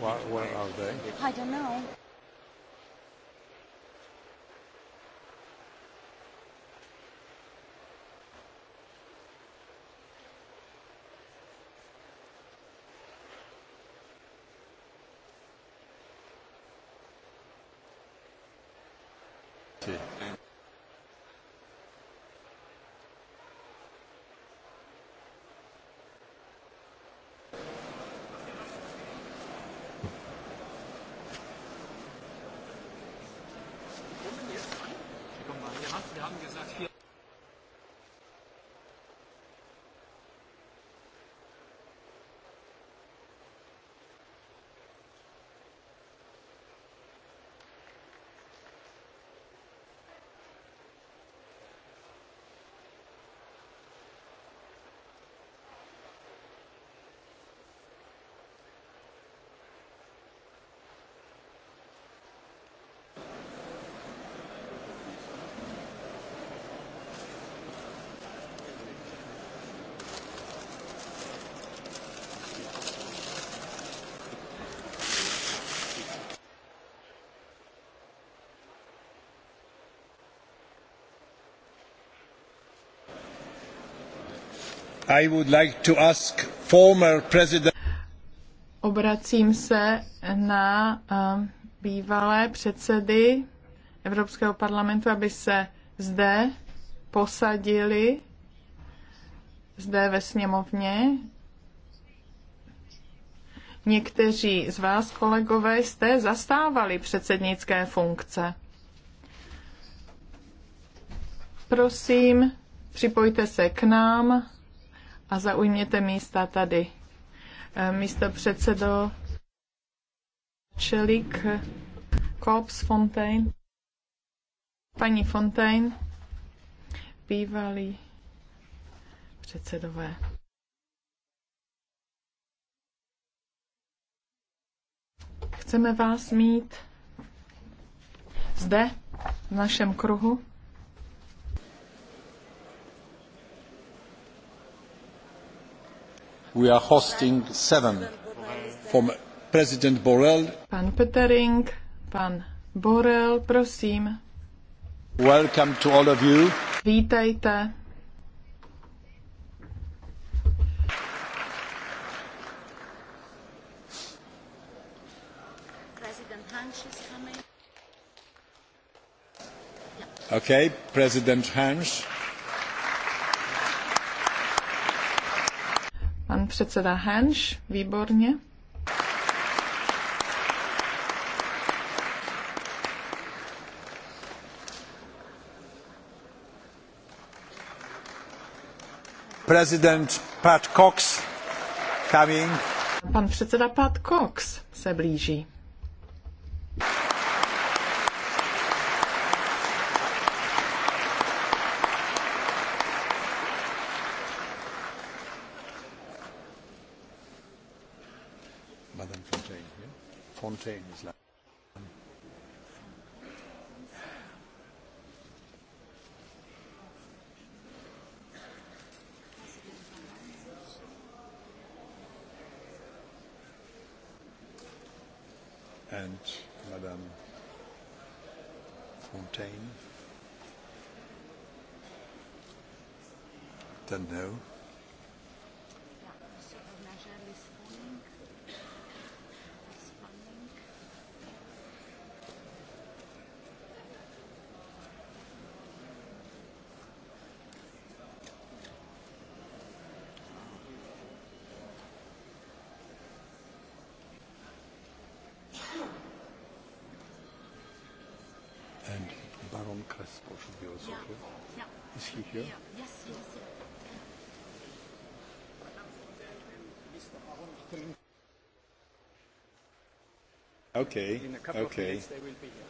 Why, what are they? I don't know. Sí. haben gesagt, Obracím se na uh, bývalé předsedy Evropského parlamentu, aby se zde posadili, zde ve sněmovně. Někteří z vás, kolegové, jste zastávali předsednické funkce. Prosím, připojte se k nám a zaujměte místa tady. Eh, místo předsedo Čelik Kops Fontaine, paní Fontaine, bývalý předsedové. Chceme vás mít zde, v našem kruhu. we are hosting seven from President Borrell. Pan Petering, pan Borrell, prosím. Welcome to all of you. Vítejte. Okay, President Hans. předseda Hanš, výborně. President Pat Cox coming. Pan předseda Pat Cox se blíží. contain Islam. Okay. In a couple okay. of minutes they will be here.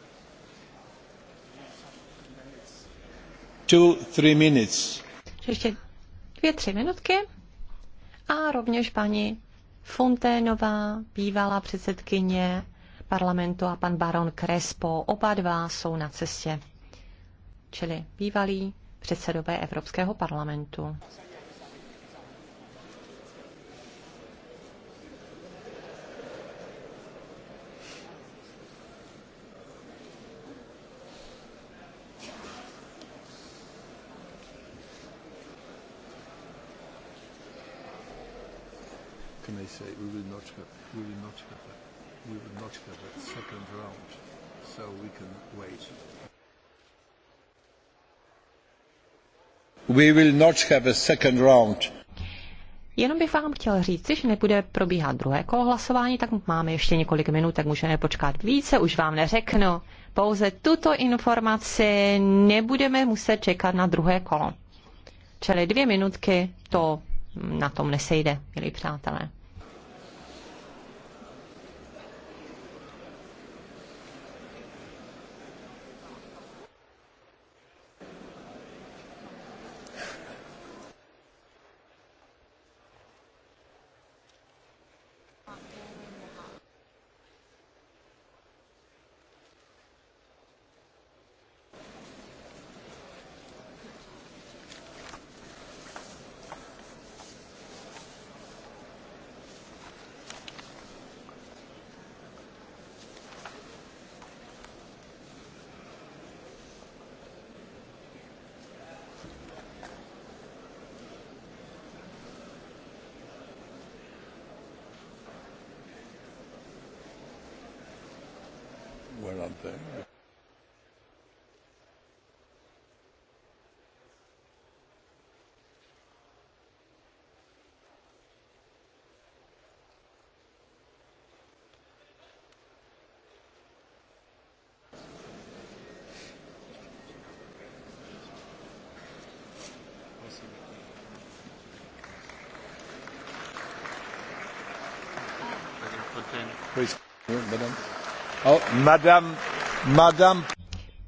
Two, three minutes. Ještě dvě, tři minutky. A rovněž paní Fonténová, bývalá předsedkyně parlamentu a pan baron Crespo. Oba dva jsou na cestě, čili bývalí předsedové Evropského parlamentu. say we will not have, we will not have a, we will not have a second round, so we can wait. We will not have a second round. Jenom bych vám chtěl říct, že nebude probíhat druhé kolo hlasování, tak máme ještě několik minut, tak můžeme počkat více, už vám neřeknu. Pouze tuto informaci nebudeme muset čekat na druhé kolo. Čili dvě minutky, to na tom nesejde, milí přátelé.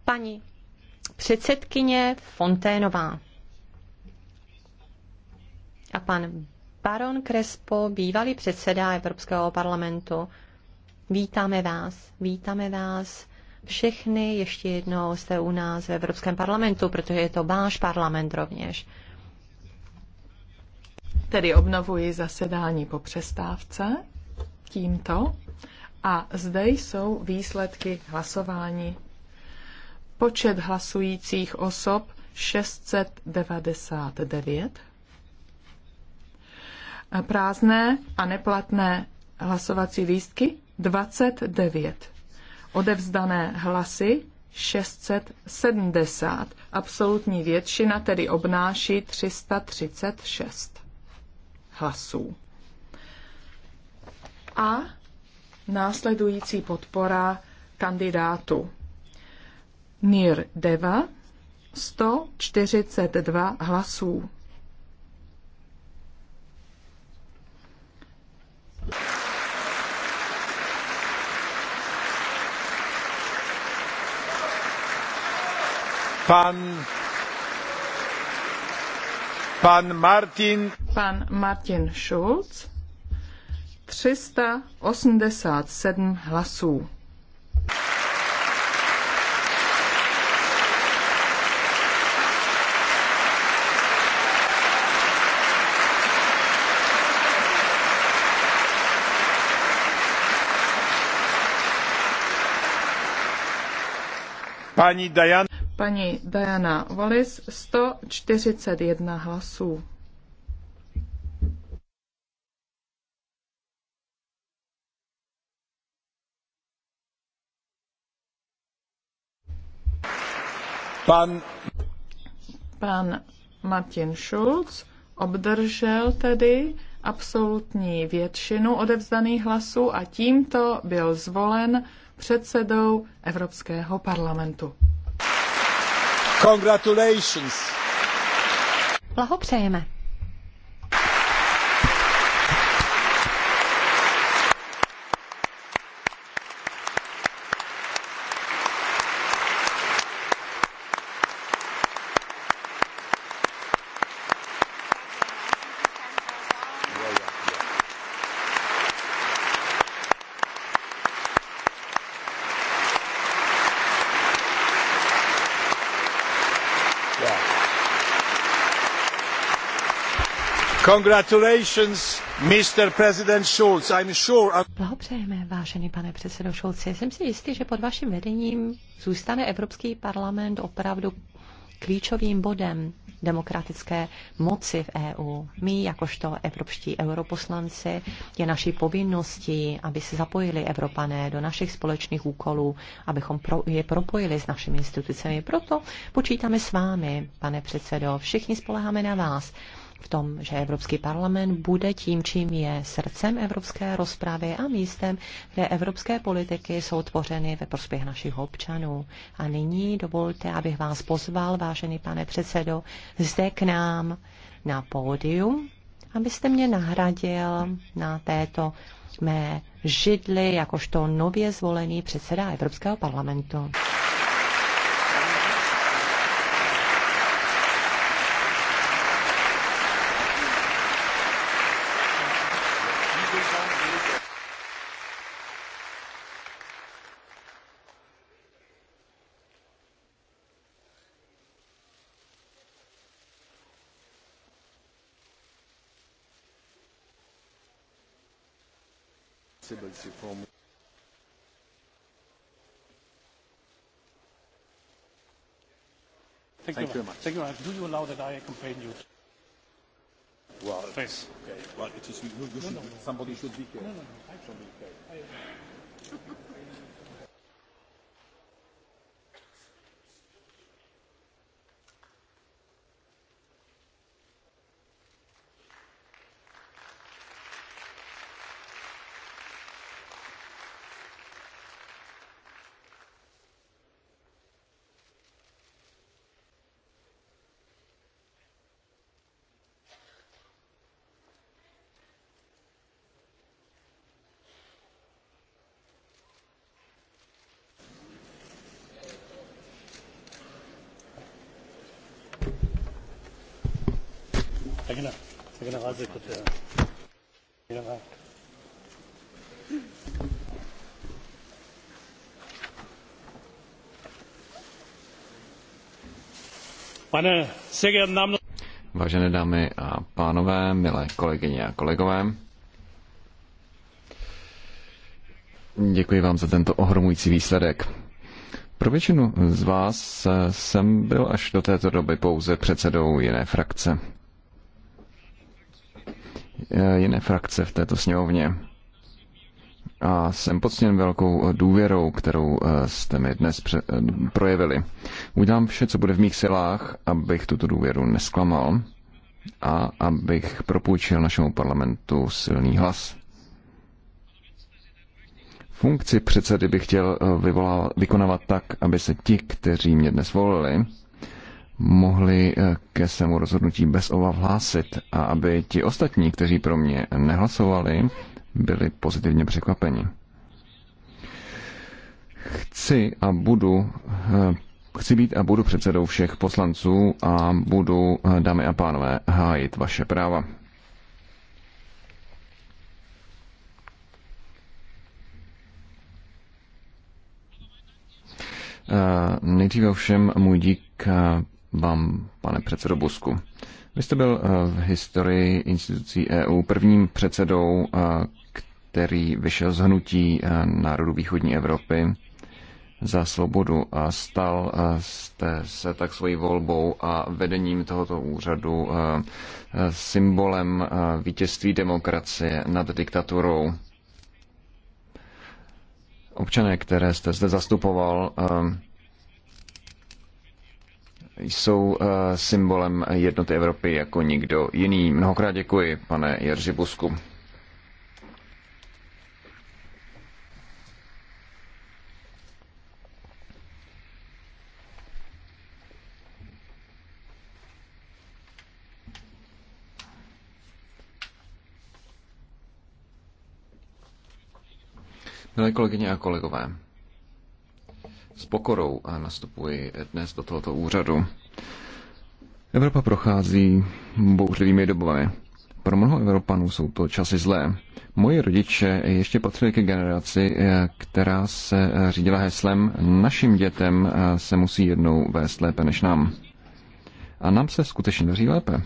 Paní předsedkyně Fonténová a pan Baron Crespo, bývalý předseda Evropského parlamentu. Vítáme vás, vítáme vás všechny, ještě jednou jste u nás v Evropském parlamentu, protože je to váš parlament rovněž. Tedy obnovuji zasedání po přestávce tímto a zde jsou výsledky hlasování. Počet hlasujících osob 699. Prázdné a neplatné hlasovací lístky 29. Odevzdané hlasy 670. Absolutní většina tedy obnáší 336 hlasů a následující podpora kandidátu. Nir Deva 142 hlasů. Pan, pan Martin. Pan Martin Schulz 387 hlasů. Pani Diana, Pani Diana Wallis 141 hlasů. Pan... Pan Martin Schulz obdržel tedy absolutní většinu odevzdaných hlasů a tímto byl zvolen předsedou Evropského parlamentu. Congratulations! Blahopřejeme. Congratulations, Mr. President Schulz. I'm sure... Blahopřejeme, vážený pane předsedo Šulci. Jsem si jistý, že pod vaším vedením zůstane Evropský parlament opravdu klíčovým bodem demokratické moci v EU. My, jakožto evropští europoslanci, je naší povinností, aby se zapojili Evropané do našich společných úkolů, abychom pro, je propojili s našimi institucemi. Proto počítáme s vámi, pane předsedo. Všichni spoleháme na vás v tom, že Evropský parlament bude tím, čím je srdcem evropské rozpravy a místem, kde evropské politiky jsou tvořeny ve prospěch našich občanů. A nyní dovolte, abych vás pozval, vážený pane předsedo, zde k nám na pódium, abyste mě nahradil na této mé židli jakožto nově zvolený předseda Evropského parlamentu. si from Thank, Thank you very much. Thank you very much. Do you allow that I accompany you? Well, Please. Okay. Well, it is, you, no, you no, should, no, no. somebody should be here. No, no, no. I, should be here. Jako vážené dámy a pánové milé kolegyně a kolegové děkuji vám za tento ohromující výsledek. Pro většinu z vás eh, jsem byl až do této doby pouze předsedou jiné frakce. Eh, jiné frakce v této sněmovně. A jsem poctěn velkou důvěrou, kterou eh, jste mi dnes eh, projevili. Udělám vše, co bude v mých silách, abych tuto důvěru nesklamal a abych propůjčil našemu parlamentu silný hlas. Funkci předsedy bych chtěl vyvolal, vykonávat tak, aby se ti, kteří mě dnes volili, mohli eh, ke svému rozhodnutí bez obav hlásit a aby ti ostatní, kteří pro mě nehlasovali, byli pozitivně překvapeni. Chci a budu eh, Chci být a budu předsedou všech poslanců a budu, eh, dámy a pánové, hájit vaše práva. Nejdříve ovšem můj dík vám, pane předsedo Busku. Vy jste byl eh, v historii institucí EU prvním předsedou, eh, který vyšel z hnutí eh, národů východní Evropy za svobodu a stal jste se tak svojí volbou a vedením tohoto úřadu symbolem vítězství demokracie nad diktaturou. Občané, které jste zde zastupoval, jsou eh, symbolem jednoty Evropy jako nikdo jiný. Mnohokrát děkuji, pane Jerzy Busku. Milé kolegyně a kolegové, pokorou nastupuji dnes do tohoto úřadu. Evropa prochází bouřlivými dobami. Pro mnoho Evropanů jsou to časy zlé. Moji rodiče ještě patřili ke generaci, eh, která se řídila heslem našim dětem eh, se musí jednou vést lépe než nám. A nám se skutečně daří lépe.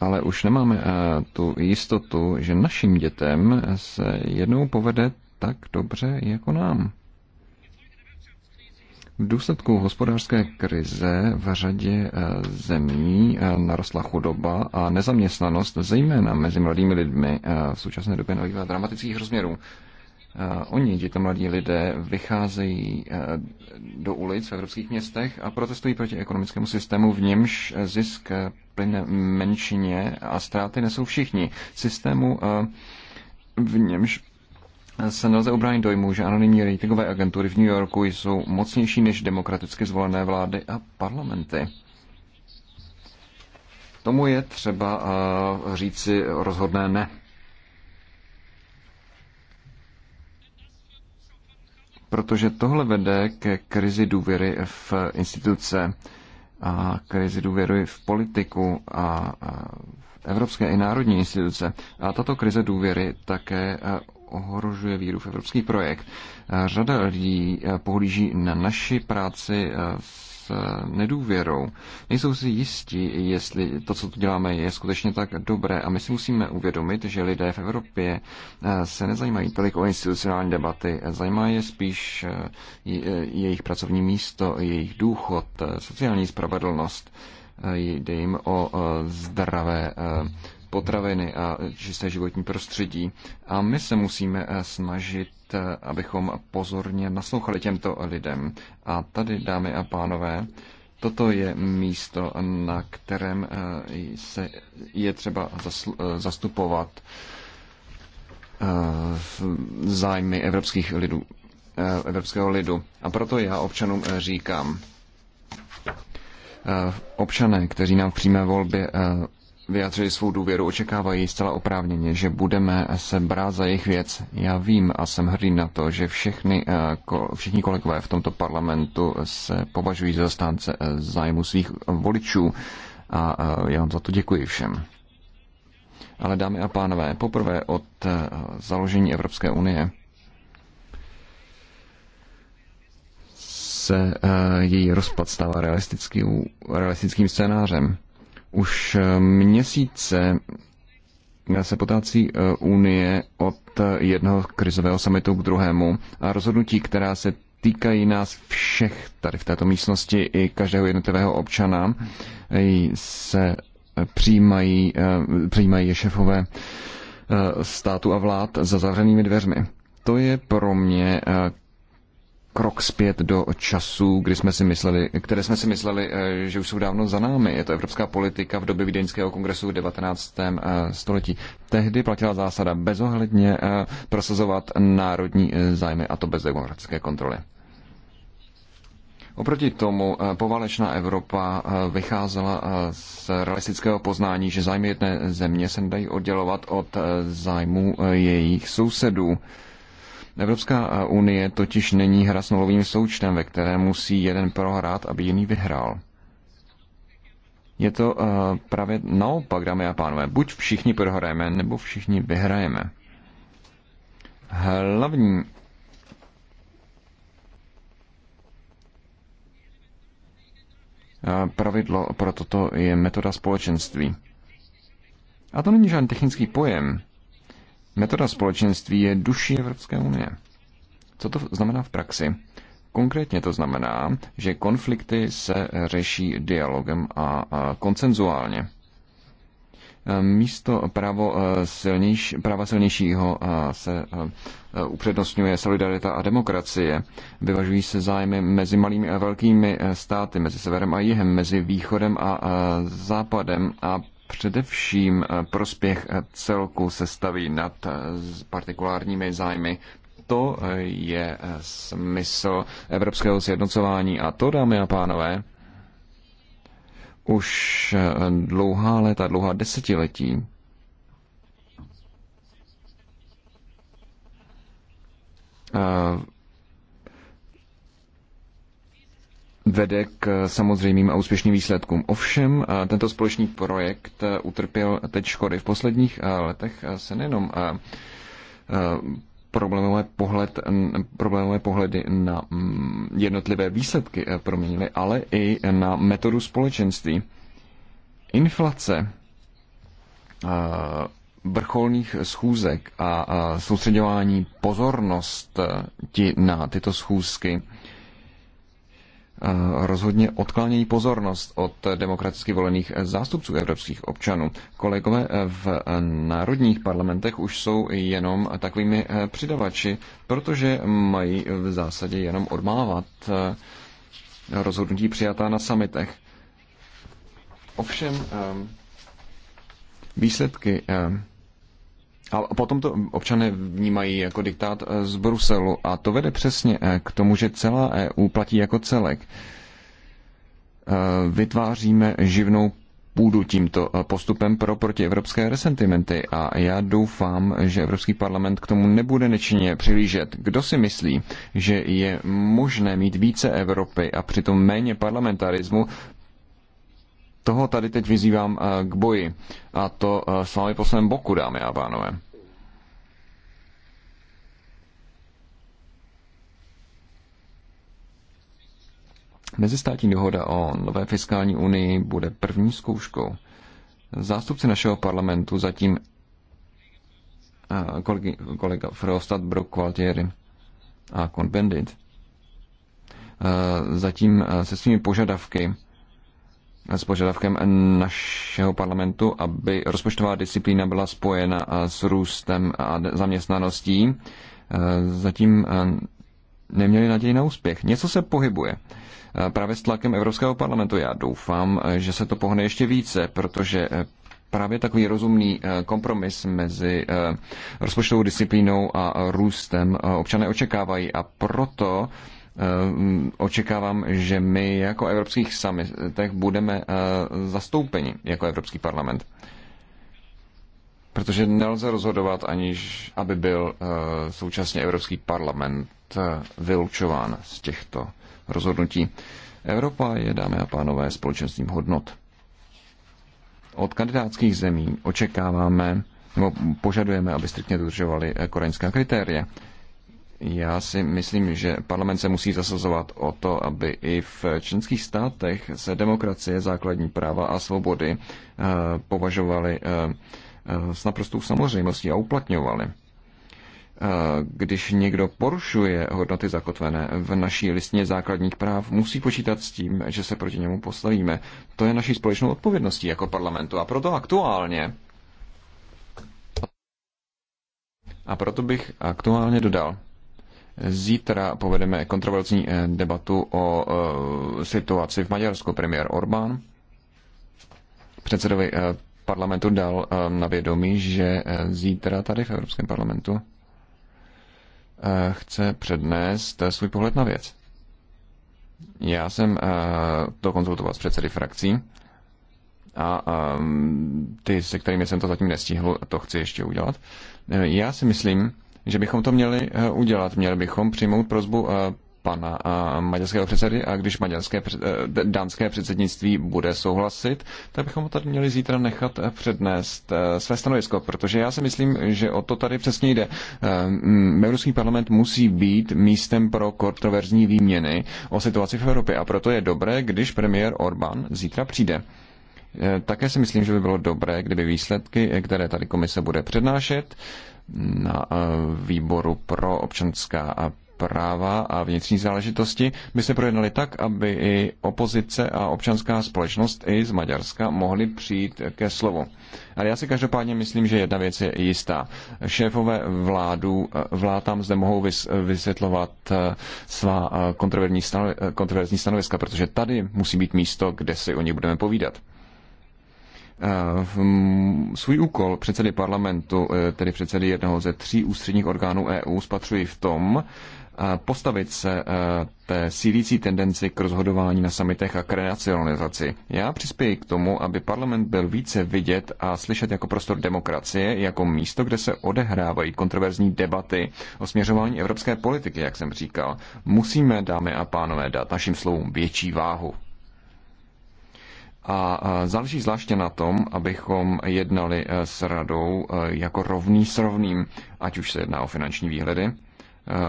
Ale už nemáme eh, tu jistotu, že našim dětem se jednou povede tak dobře jako nám. V důsledku hospodářské krize v řadě eh, zemí eh, narostla chudoba a nezaměstnanost, zejména mezi mladými lidmi, eh, v současné době nabývá dramatických rozměrů. Oni, tito mladí lidé, vycházejí do ulic v evropských městech a protestují proti ekonomickému systému, v němž zisk plyne menšině a ztráty nesou všichni. Systému v němž se nelze obránit dojmu, že anonymní ratingové agentury v New Yorku jsou mocnější než demokraticky zvolené vlády a parlamenty. Tomu je třeba eh, říci rozhodné ne. Protože tohle vede ke krizi důvěry v instituce a krizi důvěry v politiku a evropské i národní instituce. A tato krize důvěry také eh, ohrožuje víru v evropský projekt. Řada lidí eh, pohlíží na naši práci eh, s eh, nedůvěrou. Nejsou si jistí, jestli to, co tu děláme, je skutečně tak dobré. A my si musíme uvědomit, že lidé v Evropě se nezajímají tolik o institucionální debaty. Zajímá je spíš jejich pracovní místo, jejich důchod, sociální spravedlnost. Jde jim o zdravé potraviny a čisté životní prostředí. A my se musíme eh, snažit, eh, abychom pozorně naslouchali těmto lidem. A tady, dámy a pánové, toto je místo, na kterém eh, se je třeba zastupovat zájmy evropských lidů, evropského lidu. A proto já občanům říkám, občané, kteří nám v přímé volbě vyjádřili svou důvěru, očekávají zcela oprávněně, že budeme se brát za jejich věc. Já vím a jsem hrdý na to, že všechny, eh, všichni kolegové v tomto parlamentu se považují za stánce eh, zájmu svých voličů a eh, já vám za to děkuji všem. Ale dámy a pánové, poprvé od založení Evropské unie se její rozpad stává realistickým, realistickým scénářem už eh, měsíce eh, se potácí eh, Unie od jednoho krizového samitu k druhému a rozhodnutí, která se týkají nás všech tady v této místnosti i každého jednotlivého občana, se přijímají, přijímají šefové státu a vlád za zavřenými dveřmi. To je pro mě krok zpět do času, kdy jsme si mysleli, které jsme si mysleli, eh, že už jsou dávno za námi. Je to evropská politika v době Vídeňského kongresu v 19. Eh, století. Tehdy platila zásada bezohledně eh, prosazovat národní zájmy a to bez demokratické kontroly. Oproti tomu povalečná Evropa vycházela z realistického poznání, že zájmy jedné země se nedají oddělovat od zájmů jejich sousedů. Evropská unie totiž není hra s nulovým součtem, ve které musí jeden prohrát, aby jiný vyhrál. Je to uh, právě naopak, dámy a pánové. Buď všichni prohrajeme, nebo všichni vyhrajeme. Hlavní eh, pravidlo pro toto je metoda společenství. A to není žádný technický pojem. Metoda společenství je duší Evropské unie. Co to znamená v praxi? Konkrétně to znamená, že konflikty se řeší dialogem a koncenzuálně. Místo právo e, silnějš, práva silnějšího e, se e, upřednostňuje solidarita a demokracie. Vyvažují se zájmy mezi malými a velkými státy, mezi severem a jihem, mezi východem a západem a především eh, prospěch eh, celku se staví nad eh, partikulárními zájmy. To je smysl evropského sjednocování a to, dámy a pánové, už dlouhá léta, dlouhá desetiletí vede k samozřejmým a úspěšným výsledkům. Ovšem, tento společný projekt utrpěl teď škody. V posledních letech se nejenom problémové, pohled, problémové pohledy na jednotlivé výsledky e, proměnily, ale i na metodu společenství. Inflace vrcholných schůzek a soustředování pozornost e, ti na tyto schůzky rozhodně odklánějí pozornost od demokraticky volených zástupců evropských občanů. Kolegové v národních parlamentech už jsou jenom takovými eh, přidavači, protože mají v zásadě jenom odmávat eh, rozhodnutí přijatá na samitech. Ovšem eh, výsledky a potom to občané vnímají jako diktát eh, z Bruselu a to vede přesně eh, k tomu, že celá EU platí jako celek. Eh, vytváříme živnou půdu tímto postupem pro protievropské resentimenty a já doufám, že Evropský parlament k tomu nebude nečinně přilížet. Kdo si myslí, že je možné mít více Evropy a přitom méně parlamentarismu, toho tady teď vyzývám eh, k boji. A to eh, s vámi po svém boku, dámy a pánové. Mezistátní dohoda o nové fiskální unii bude první zkouškou. Zástupci našeho parlamentu zatím eh, kolegy, kolega Frostad, Brock Gualtieri a Convendit zatím se svými požadavky s požadavkem našeho parlamentu, aby rozpočtová disciplína byla spojena eh, s růstem a zaměstnaností, eh, zatím eh, neměli naději na úspěch. Něco se pohybuje. Právě s tlakem Evropského parlamentu já doufám, že se to pohne ještě více, protože právě takový rozumný kompromis mezi rozpočtovou disciplínou a růstem občané očekávají a proto Eh, očekávám, že my jako evropských samitech budeme eh, zastoupeni jako Evropský parlament. Protože nelze rozhodovat, aniž aby byl eh, současně Evropský parlament vylučován z těchto rozhodnutí. Evropa je, dámy a pánové, společenstvím hodnot. Od kandidátských zemí očekáváme, nebo požadujeme, aby striktně dodržovali koreňská kritéria. Já si myslím, že parlament se musí zasazovat o to, aby i v členských státech se demokracie, základní práva a svobody eh, považovaly eh, eh, s naprostou samozřejmostí a uplatňovaly. Když někdo porušuje hodnoty zakotvené v naší listině základních práv, musí počítat s tím, že se proti němu postavíme. To je naší společnou odpovědností jako parlamentu a proto aktuálně a proto bych aktuálně dodal, Zítra povedeme kontroverzní eh, debatu o eh, situaci v Maďarsku. Premiér Orbán předsedovi eh, parlamentu dal na vědomí, že zítra tady v Evropském parlamentu chce přednést svůj pohled na věc. Já jsem to konzultoval s předsedy frakcí a ehm, ty, se kterými jsem to zatím nestihl, to chci ještě udělat. Já si myslím, že bychom to měli eh, udělat. Měli bychom přijmout prozbu eh, pana eh, maďarského předsedy a když maďarské, dánské předsednictví bude souhlasit, tak bychom tady měli zítra nechat přednést své stanovisko, protože já si myslím, že o to tady přesně jde. Evropský parlament musí být místem pro kontroverzní výměny o situaci v Evropě a proto je dobré, když premiér Orbán zítra přijde. Také si myslím, že by bylo dobré, kdyby výsledky, které tady komise bude přednášet, na eh, výboru pro občanská práva a vnitřní záležitosti by se projednali tak, aby i opozice a občanská společnost i z Maďarska mohly přijít ke slovu. Ale já si každopádně myslím, že jedna věc je jistá. Šéfové vládu, eh, vlád tam zde mohou vysvětlovat eh, svá kontroverzní stanoviska, protože tady musí být místo, kde si o ní budeme povídat. Eh, svůj úkol předsedy parlamentu, eh, tedy předsedy jednoho ze tří ústředních orgánů EU, spatřuji v tom, eh, postavit se té sílící tendenci k rozhodování na samitech a k renacionalizaci. Já přispěji k tomu, aby parlament byl více vidět a slyšet jako prostor demokracie, jako místo, kde se odehrávají kontroverzní debaty o směřování evropské politiky, jak jsem říkal. Musíme, dámy a pánové, dát našim slovům větší váhu. A záleží zvláště na tom, abychom jednali eh, s radou eh, jako rovný s rovným, ať už se jedná o finanční výhledy, eh,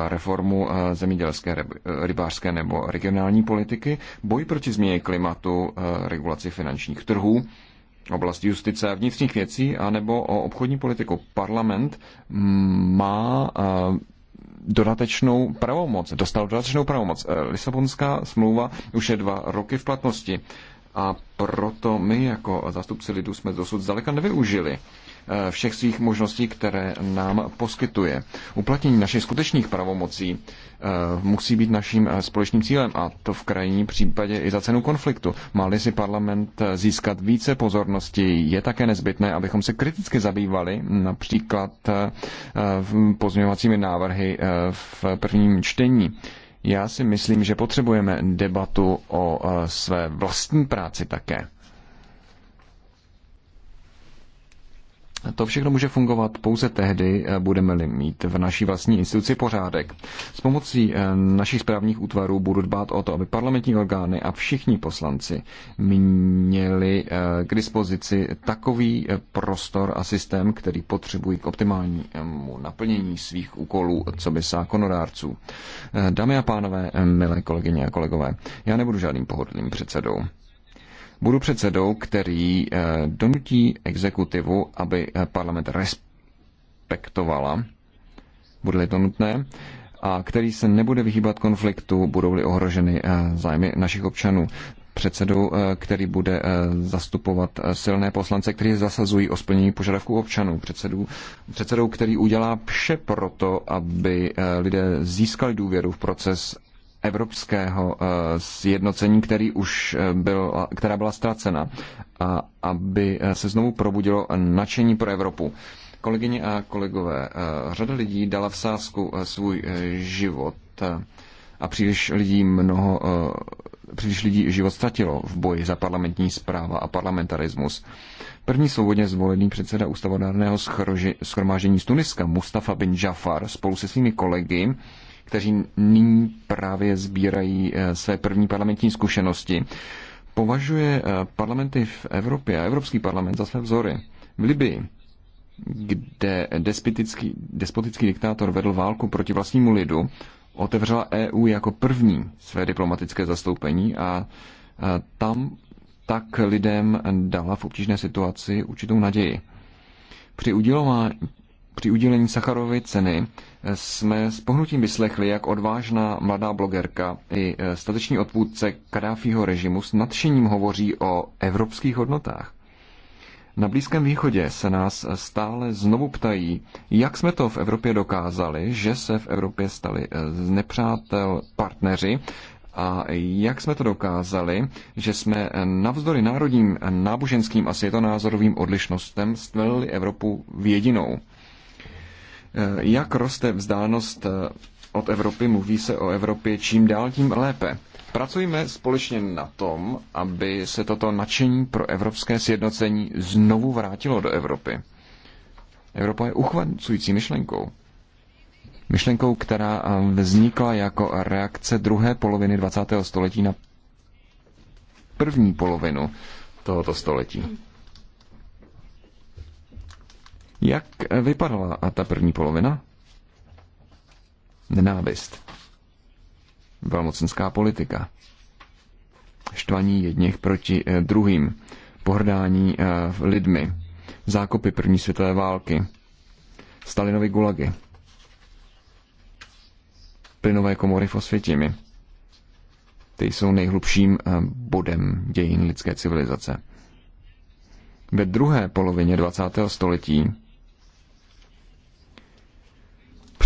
reformu zemědělské, rybářské nebo regionální politiky, boj proti změně klimatu, regulaci finančních trhů, oblast justice a vnitřních věcí, anebo o obchodní politiku. Parlament mm, má dodatečnou pravomoc, dostal dodatečnou pravomoc. Lisabonská smlouva už je dva roky v platnosti a proto my jako zástupci lidů jsme dosud zdaleka nevyužili eh, všech svých možností, které nám poskytuje. Uplatnění našich skutečných pravomocí eh, musí být naším eh, společným cílem a to v krajní případě i za cenu konfliktu. Máli si parlament získat více pozornosti, je také nezbytné, abychom se kriticky zabývali například pozměňovacími návrhy v prvním čtení já si myslím, že potřebujeme debatu o eh, své vlastní práci také. To všechno může fungovat pouze tehdy, eh, budeme-li mít v naší vlastní instituci pořádek. S pomocí eh, našich správních útvarů budu dbát o to, aby parlamentní orgány a všichni poslanci měli eh, k dispozici takový prostor a systém, který potřebují k optimálnímu naplnění svých úkolů, co by zákonodárců. Dámy a pánové, milé kolegyně a kolegové, já nebudu žádným pohodlným předsedou. Budu předsedou, který eh, donutí exekutivu, aby eh, parlament respektovala, bude-li to nutné, a který se nebude vyhýbat konfliktu, budou-li ohroženy eh, zájmy našich občanů předsedou, který bude zastupovat silné poslance, kteří zasazují o splnění požadavků občanů. Předsedou, předsedou, který udělá vše proto, aby lidé získali důvěru v proces evropského eh, sjednocení, který už eh, byl, která byla ztracena, a aby eh, se znovu probudilo nadšení pro Evropu. Kolegyně a kolegové, řada lidí dala v sázku svůj život a příliš lidí mnoho příliš lidí život ztratilo v boji za parlamentní zpráva a parlamentarismus. První svobodně zvolený předseda ústavodárného schromáždění z Tuniska Mustafa bin Jafar spolu se svými kolegy kteří nyní právě sbírají eh, své první parlamentní zkušenosti, považuje eh, parlamenty v Evropě a Evropský parlament za své vzory. V Libii, kde despotický, despotický diktátor vedl válku proti vlastnímu lidu, otevřela EU jako první své diplomatické zastoupení a tam tak lidem dala v obtížné situaci určitou naději. Při udělování, při udělení Sacharovy ceny eh, jsme s pohnutím vyslechli, jak odvážná mladá blogerka i eh, stateční odpůdce Kadáfího režimu s nadšením hovoří o evropských hodnotách. Na Blízkém východě se nás eh, stále znovu ptají, jak jsme to v Evropě dokázali, že se v Evropě stali z nepřátel partneři a jak jsme to dokázali, že jsme navzdory národním, náboženským a světonázorovým odlišnostem stvelili Evropu v jedinou. Eh, jak roste vzdálenost eh, od Evropy, mluví se o Evropě čím dál tím lépe. Pracujeme společně na tom, aby se toto nadšení pro evropské sjednocení znovu vrátilo do Evropy. Evropa je uchvacující myšlenkou. Myšlenkou, která eh, vznikla jako reakce druhé poloviny 20. století na první polovinu tohoto století. Jak vypadala a ta první polovina? Nenávist. Velmocenská politika. Štvaní jedněch proti eh, druhým. Pohrdání eh, lidmi. Zákopy první světové války. Stalinovy gulagy. Plynové komory v Ty jsou nejhlubším eh, bodem dějin lidské civilizace. Ve druhé polovině 20. století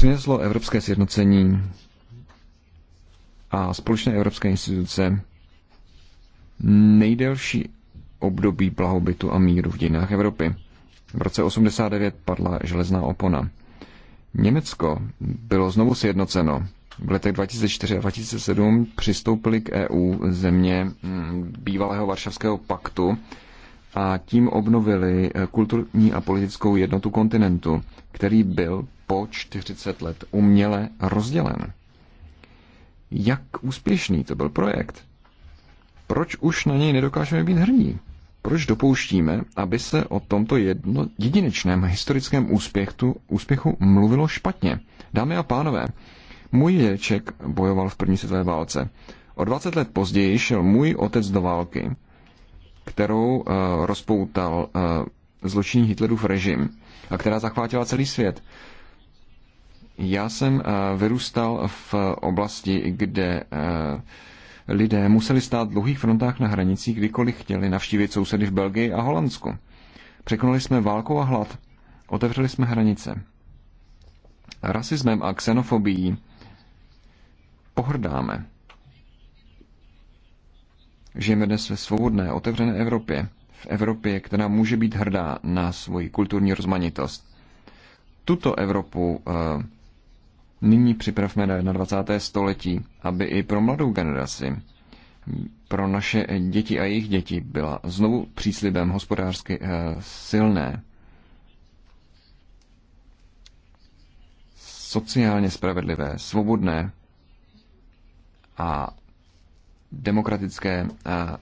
přineslo evropské sjednocení a společné evropské instituce nejdelší období blahobytu a míru v dějinách Evropy. V roce 89 padla železná opona. Německo bylo znovu sjednoceno. V letech 2004 a 2007 přistoupili k EU země mm, bývalého Varšavského paktu a tím obnovili eh, kulturní a politickou jednotu kontinentu, který byl po 40 let uměle rozdělen. Jak úspěšný to byl projekt? Proč už na něj nedokážeme být hrdí? Proč dopouštíme, aby se o tomto jedno, jedinečném historickém úspěchu, úspěchu mluvilo špatně? Dámy a pánové, můj děček bojoval v první světové válce. O 20 let později šel můj otec do války kterou eh, rozpoutal eh, zločinný Hitlerův režim a která zachvátila celý svět. Já jsem eh, vyrůstal v oblasti, kde lidé museli stát v dlouhých frontách na hranicích, kdykoliv chtěli navštívit sousedy v Belgii a Holandsku. Překonali jsme válku a hlad, otevřeli jsme hranice. Rasismem a xenofobií pohrdáme. Žijeme dnes ve svobodné, otevřené Evropě. V Evropě, která může být hrdá na svoji kulturní rozmanitost. Tuto Evropu eh, nyní připravme na 21. století, aby i pro mladou generaci, pro naše děti a jejich děti byla znovu příslibem hospodářsky eh, silné, sociálně spravedlivé, svobodné a demokratické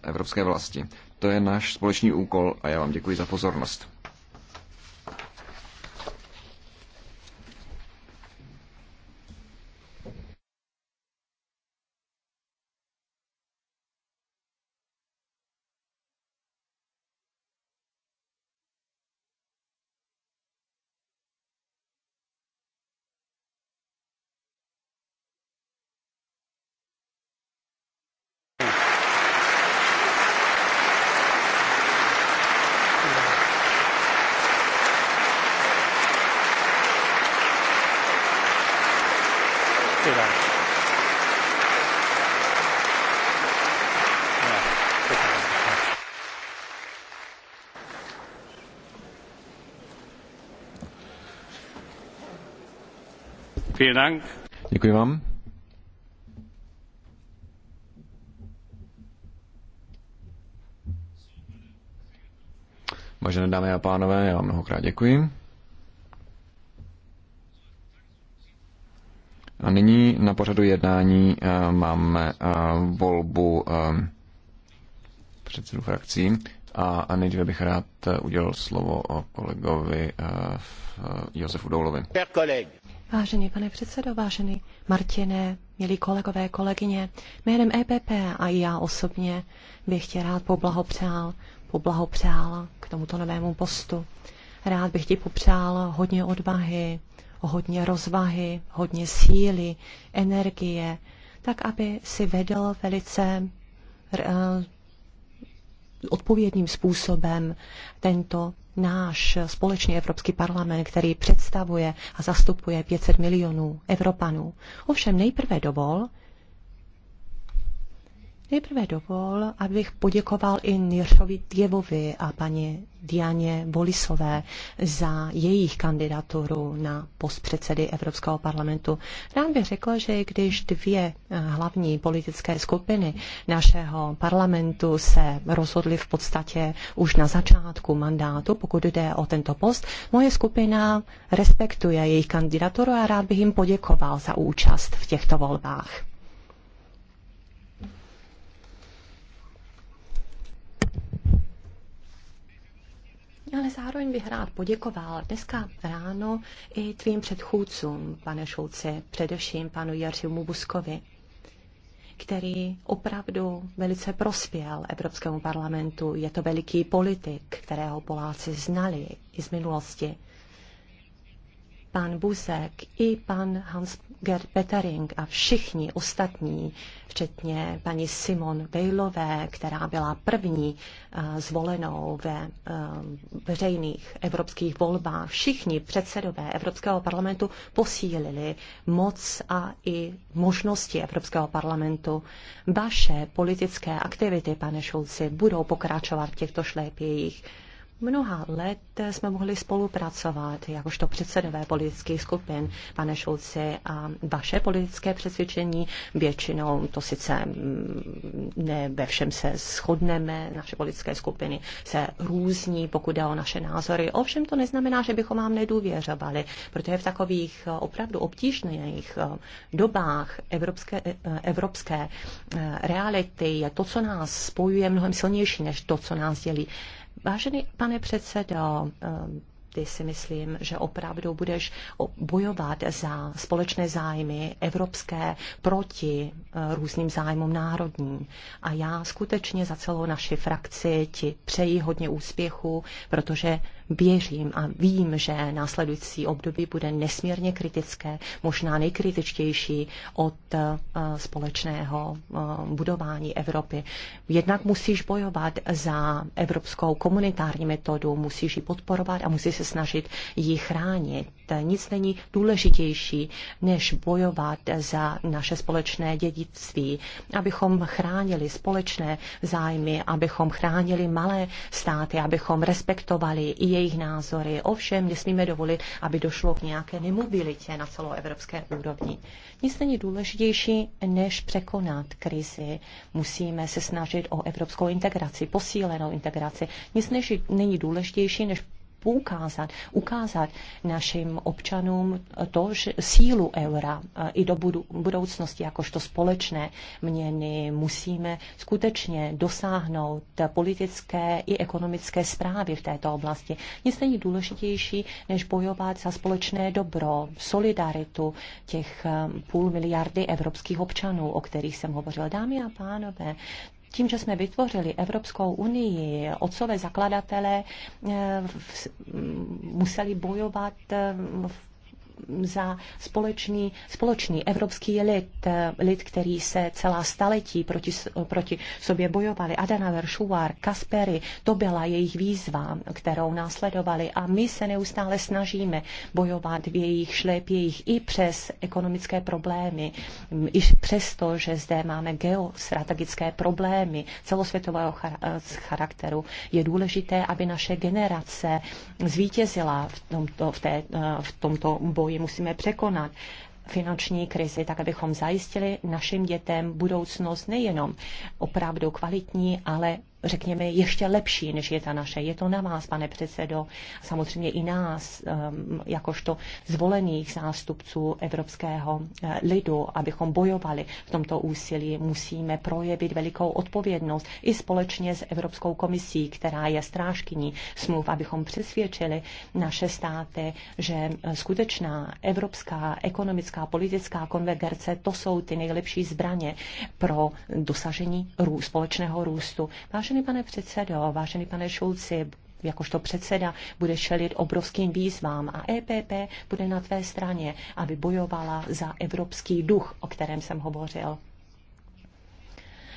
evropské vlasti. To je náš společný úkol a já vám děkuji za pozornost. Děkuji vám. Děkuji vám. Vážené dámy a pánové, já vám mnohokrát děkuji. nyní na pořadu jednání eh, máme eh, volbu eh, předsedů frakcí a nejdříve bych rád udělal slovo o kolegovi Josefu Doulovi. Vážený pane předsedo, vážený Martine, milí kolegové, kolegyně, jménem EPP a i já osobně bych tě rád poblahopřál, poblahopřál k tomuto novému postu. Rád bych ti popřál hodně odvahy, hodně rozvahy, hodně síly, energie, tak aby si vedl velice eh, odpovědným způsobem tento náš společný Evropský parlament, který představuje a zastupuje 500 milionů Evropanů. Ovšem nejprve dovol, Nejprve dovol, abych poděkoval i Niršovi Děvovi a paní Dianě Bolisové za jejich kandidaturu na post předsedy Evropského parlamentu. Rád bych řekl, že když dvě eh, hlavní politické skupiny našeho parlamentu se rozhodly v podstatě už na začátku mandátu, pokud jde o tento post, moje skupina respektuje jejich kandidaturu a rád bych jim poděkoval za účast v těchto volbách. ale zároveň bych rád poděkoval dneska ráno i tvým předchůdcům, pane Šulci, především panu Jařimu Buskovi, který opravdu velice prospěl Evropskému parlamentu. Je to veliký politik, kterého Poláci znali i z minulosti pan Buzek i pan Hans-Gerd Petering a všichni ostatní, včetně paní Simon Bejlové, která byla první eh, zvolenou ve eh, veřejných evropských volbách, všichni předsedové Evropského parlamentu posílili moc a i možnosti Evropského parlamentu. Vaše politické aktivity, pane Šulci, budou pokračovat v těchto šlépějích mnoha let jsme mohli spolupracovat jakožto předsedové politických skupin, pane Šulci, a vaše politické přesvědčení většinou, to sice mm, ne ve všem se shodneme, naše politické skupiny se různí, pokud jde o naše názory. Ovšem to neznamená, že bychom vám nedůvěřovali, protože v takových eh, opravdu obtížných eh, dobách evropské, eh, evropské reality je to, co nás spojuje, mnohem silnější než to, co nás dělí. Vážený pane předsedo, ehm, ty si myslím, že opravdu budeš bojovat za společné zájmy evropské proti eh, různým zájmům národním. A já skutečně za celou naši frakci ti přeji hodně úspěchu, protože věřím a vím, že následující období bude nesmírně kritické, možná nejkritičtější od eh, společného eh, budování Evropy. Jednak musíš bojovat za evropskou komunitární metodu, musíš ji podporovat a musíš se snažit ji chránit nic není důležitější, než bojovat za naše společné dědictví, abychom chránili společné zájmy, abychom chránili malé státy, abychom respektovali i jejich názory. Ovšem, nesmíme dovolit, aby došlo k nějaké nemobilitě na celoevropské úrovni. Nic není důležitější, než překonat krizi. Musíme se snažit o evropskou integraci, posílenou integraci. Nic není důležitější, než poukázat, ukázat našim občanům to, že sílu eura eh, i do budoucnosti jakožto společné měny musíme skutečně dosáhnout politické i ekonomické zprávy v této oblasti. Nic není důležitější, než bojovat za společné dobro, solidaritu těch eh, půl miliardy evropských občanů, o kterých jsem hovořil. Dámy a pánové, tím, že jsme vytvořili Evropskou unii, otcové zakladatele eh, museli bojovat eh, v za společný, společný evropský lid, eh, lid, který se celá staletí proti, proti sobě bojovali. Adenauer, Schuvar, Kaspery, to byla jejich výzva, kterou následovali a my se neustále snažíme bojovat v jejich šlépějích i přes ekonomické problémy, i přesto, že zde máme geostrategické problémy celosvětového eh, charakteru. Je důležité, aby naše generace zvítězila v tomto, v té, eh, v tomto boji ji musíme překonat finanční krizi, tak abychom zajistili našim dětem budoucnost nejenom opravdu kvalitní, ale řekněme, ještě lepší, než je ta naše. Je to na vás, pane předsedo, samozřejmě i nás, um, jakožto zvolených zástupců evropského eh, lidu, abychom bojovali v tomto úsilí. Musíme projevit velikou odpovědnost i společně s Evropskou komisí, která je strážkyní smluv, abychom přesvědčili naše státy, že eh, skutečná evropská ekonomická politická konvergence, to jsou ty nejlepší zbraně pro dosažení společného růstu. Váš Vážený pane předsedo, vážený pane Šulci, jakožto předseda bude šelit obrovským výzvám a EPP bude na tvé straně, aby bojovala za evropský duch, o kterém jsem hovořil.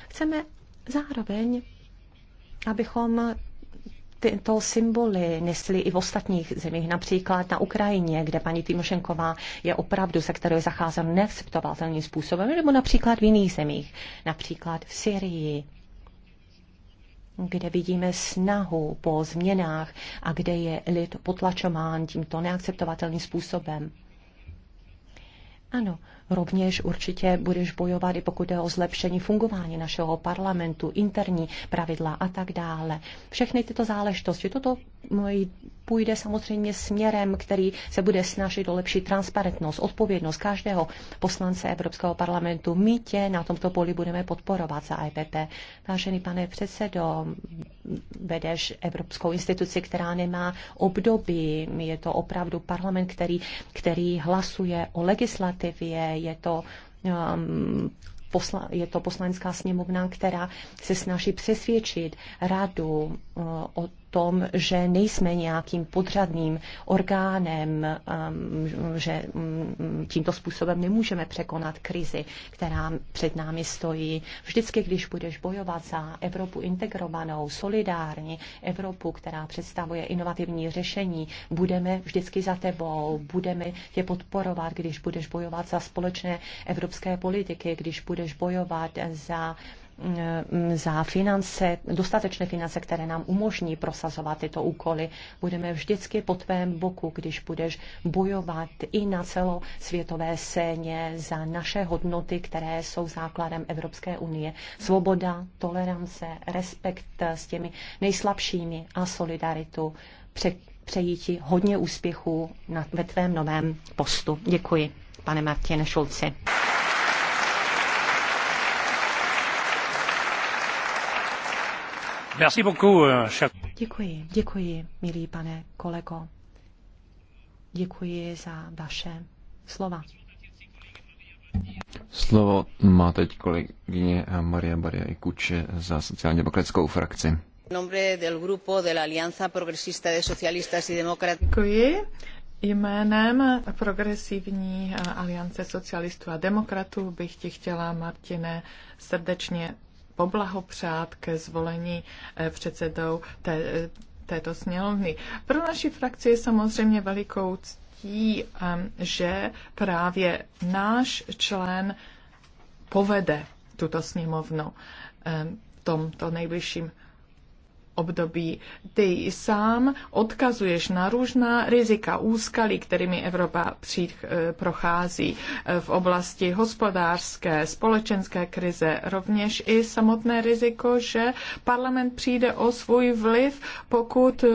Chceme zároveň, abychom tyto symboly nesly i v ostatních zemích, například na Ukrajině, kde paní Timošenková je opravdu, se kterou je zacházeno neakceptovatelným způsobem, nebo například v jiných zemích, například v Syrii, kde vidíme snahu po změnách a kde je lid potlačován tímto neakceptovatelným způsobem. Ano, rovněž určitě budeš bojovat i pokud je o zlepšení fungování našeho parlamentu, interní pravidla a tak dále. Všechny tyto záležitosti, toto půjde samozřejmě směrem, který se bude snažit o lepší transparentnost, odpovědnost každého poslance Evropského parlamentu. My tě na tomto poli budeme podporovat za EPP. Vážený pane předsedo, vedeš Evropskou instituci, která nemá období. Je to opravdu parlament, který, který hlasuje o legislativě, je to um, posla, je to poslanecká sněmovna, která se snaží přesvědčit radu uh, o tom, že nejsme nějakým podřadným orgánem, um, že um, tímto způsobem nemůžeme překonat krizi, která před námi stojí. Vždycky, když budeš bojovat za Evropu integrovanou, solidární, Evropu, která představuje inovativní řešení, budeme vždycky za tebou, budeme tě podporovat, když budeš bojovat za společné evropské politiky, když budeš bojovat za Eh, za finance, dostatečné finance, které nám umožní prosazovat tyto úkoly. Budeme vždycky po tvém boku, když budeš bojovat i na celosvětové scéně za naše hodnoty, které jsou základem Evropské unie. Svoboda, tolerance, respekt s těmi nejslabšími a solidaritu. Pře- přeji ti hodně úspěchů na, ve tvém novém postu. Děkuji, pane Martine Šulci. Euh, děkuji, děkuji, milý pane kolego. Děkuji za vaše slova. Slovo má teď kolegyně Maria Baria Ikuče za sociálně demokratickou frakci. Děkuji. Jménem Progresivní eh, aliance socialistů a demokratů bych ti chtěla, Martine, srdečně poblahopřát ke zvolení eh, předsedou té, eh, této sněmovny. Pro naši frakci je samozřejmě velikou ctí, ehm, že právě náš člen povede tuto sněmovnu ehm, v tomto nejbližším období. Ty sám odkazuješ na různá rizika, úskalí, kterými Evropa přích, eh, prochází eh, v oblasti hospodářské, společenské krize, rovněž i samotné riziko, že parlament přijde o svůj vliv, pokud eh,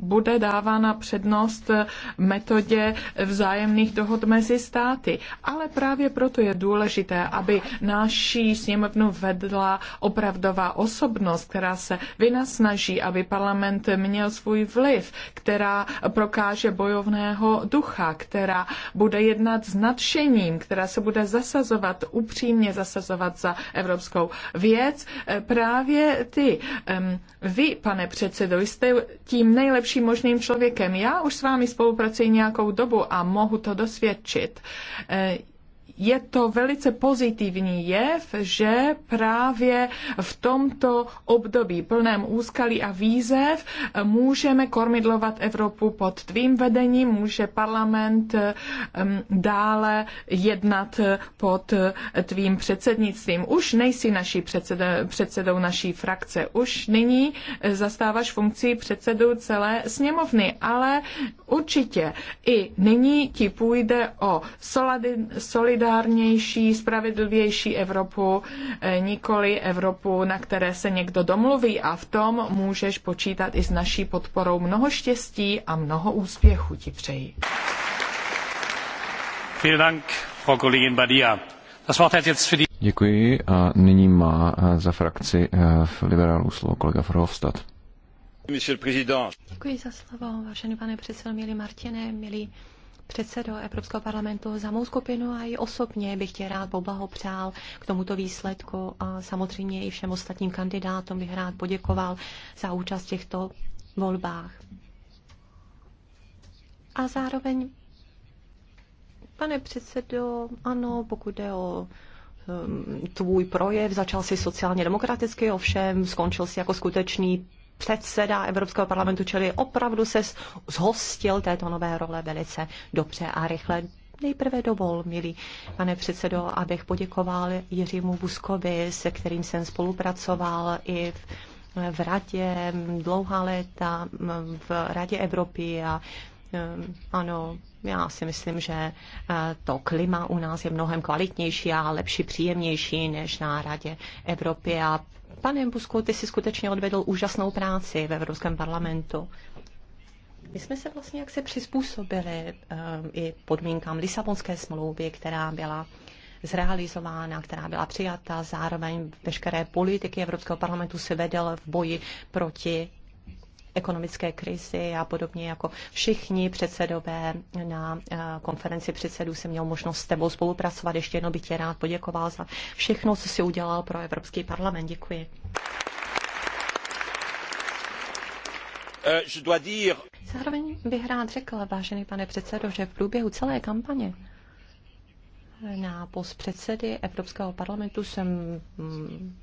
bude dávána přednost metodě vzájemných dohod mezi státy. Ale právě proto je důležité, aby naší sněmovnu vedla opravdová osobnost, která se vynasnaží, aby parlament měl svůj vliv, která prokáže bojovného ducha, která bude jednat s nadšením, která se bude zasazovat, upřímně zasazovat za evropskou věc. Právě ty, vy, pane předsedo, jste tím nejlepším nejlepším možným člověkem. Já už s vámi spolupracuji nějakou dobu a mohu to dosvědčit. Eh, je to velice pozitivní jev, že právě v tomto období plném úskalí a výzev můžeme kormidlovat Evropu pod tvým vedením, může parlament dále jednat pod tvým předsednictvím. Už nejsi naší předsede, předsedou naší frakce, už nyní zastáváš funkci předsedu celé sněmovny, ale určitě i nyní ti půjde o solidaritu solidárnější, spravedlivější Evropu, eh, nikoli Evropu, na které se někdo domluví a v tom můžeš počítat i s naší podporou. Mnoho štěstí a mnoho úspěchu ti přeji. Děkuji a nyní má eh, za frakci eh, v liberálu slovo kolega Frohovstad. Děkuji za slovo, vážený pane předsedo, milý Martine, milí předsedo Evropského parlamentu, za mou skupinu a i osobně bych tě rád poblahopřál k tomuto výsledku a samozřejmě i všem ostatním kandidátům bych rád poděkoval za účast v těchto volbách. A zároveň, pane předsedo, ano, pokud jde o um, tvůj projev, začal si sociálně demokraticky, ovšem skončil si jako skutečný předseda Evropského parlamentu, čili opravdu se zhostil této nové role velice dobře a rychle. Nejprve dovol, milý pane předsedo, abych poděkoval Jiřímu Buskovi, se kterým jsem spolupracoval i v, v radě dlouhá léta, v radě Evropy a ano, já si myslím, že e, to klima u nás je mnohem kvalitnější a lepší, příjemnější než na Radě Evropy a Pane Jembusku, ty jsi skutečně odvedl úžasnou práci v Evropském parlamentu. My jsme se vlastně jak se přizpůsobili um, i podmínkám Lisabonské smlouvy, která byla zrealizována, která byla přijata. Zároveň veškeré politiky Evropského parlamentu se vedel v boji proti ekonomické krizi a podobně jako všichni předsedové na eh, konferenci předsedů jsem měl možnost s tebou spolupracovat. Ještě jednou bych tě rád poděkoval za všechno, co jsi udělal pro Evropský parlament. Děkuji. Eh, Zároveň bych rád řekla, vážený pane předsedo, že v průběhu celé kampaně na post předsedy Evropského parlamentu jsem mm,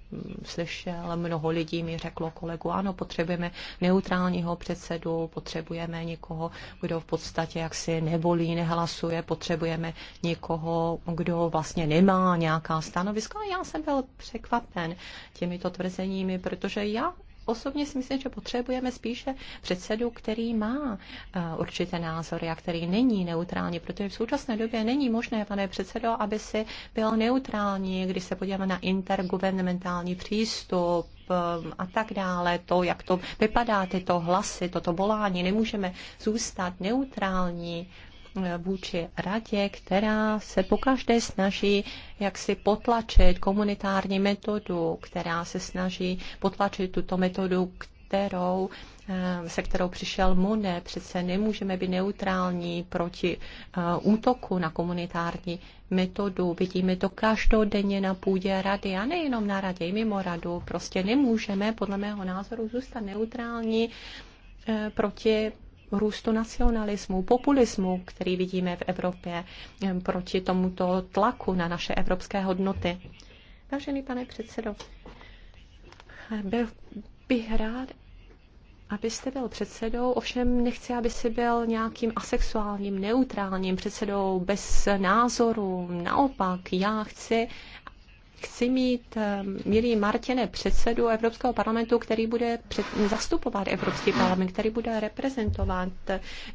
slyšel, mnoho lidí mi řeklo kolegu, ano, potřebujeme neutrálního předsedu, potřebujeme někoho, kdo v podstatě jaksi nebolí, nehlasuje, potřebujeme někoho, kdo vlastně nemá nějaká stanoviska. A já jsem byl překvapen těmito tvrzeními, protože já osobně si myslím, že potřebujeme spíše předsedu, který má eh, určité názory a který není neutrální, protože v současné době není možné, pane předsedo, aby si byl neutrální, když se podíváme na intergovernmentální přístup, eh, a tak dále, to, jak to vypadá, tyto hlasy, toto volání, nemůžeme zůstat neutrální vůči radě, která se pokaždé snaží jak si potlačit komunitární metodu, která se snaží potlačit tuto metodu, kterou eh, se kterou přišel Mone, přece nemůžeme být neutrální proti eh, útoku na komunitární metodu. Vidíme to každodenně na půdě rady a nejenom na radě, i mimo radu. Prostě nemůžeme, podle mého názoru, zůstat neutrální eh, proti růstu nacionalismu, populismu, který vidíme v Evropě eh, proti tomuto tlaku na naše evropské hodnoty. Vážený pane předsedo, byl bych rád, abyste byl předsedou, ovšem nechci, aby si byl nějakým asexuálním, neutrálním předsedou bez názoru. Naopak, já chci, chci mít, ehm, milý Martine, předsedu Evropského parlamentu, který bude před, zastupovat Evropský parlament, který bude reprezentovat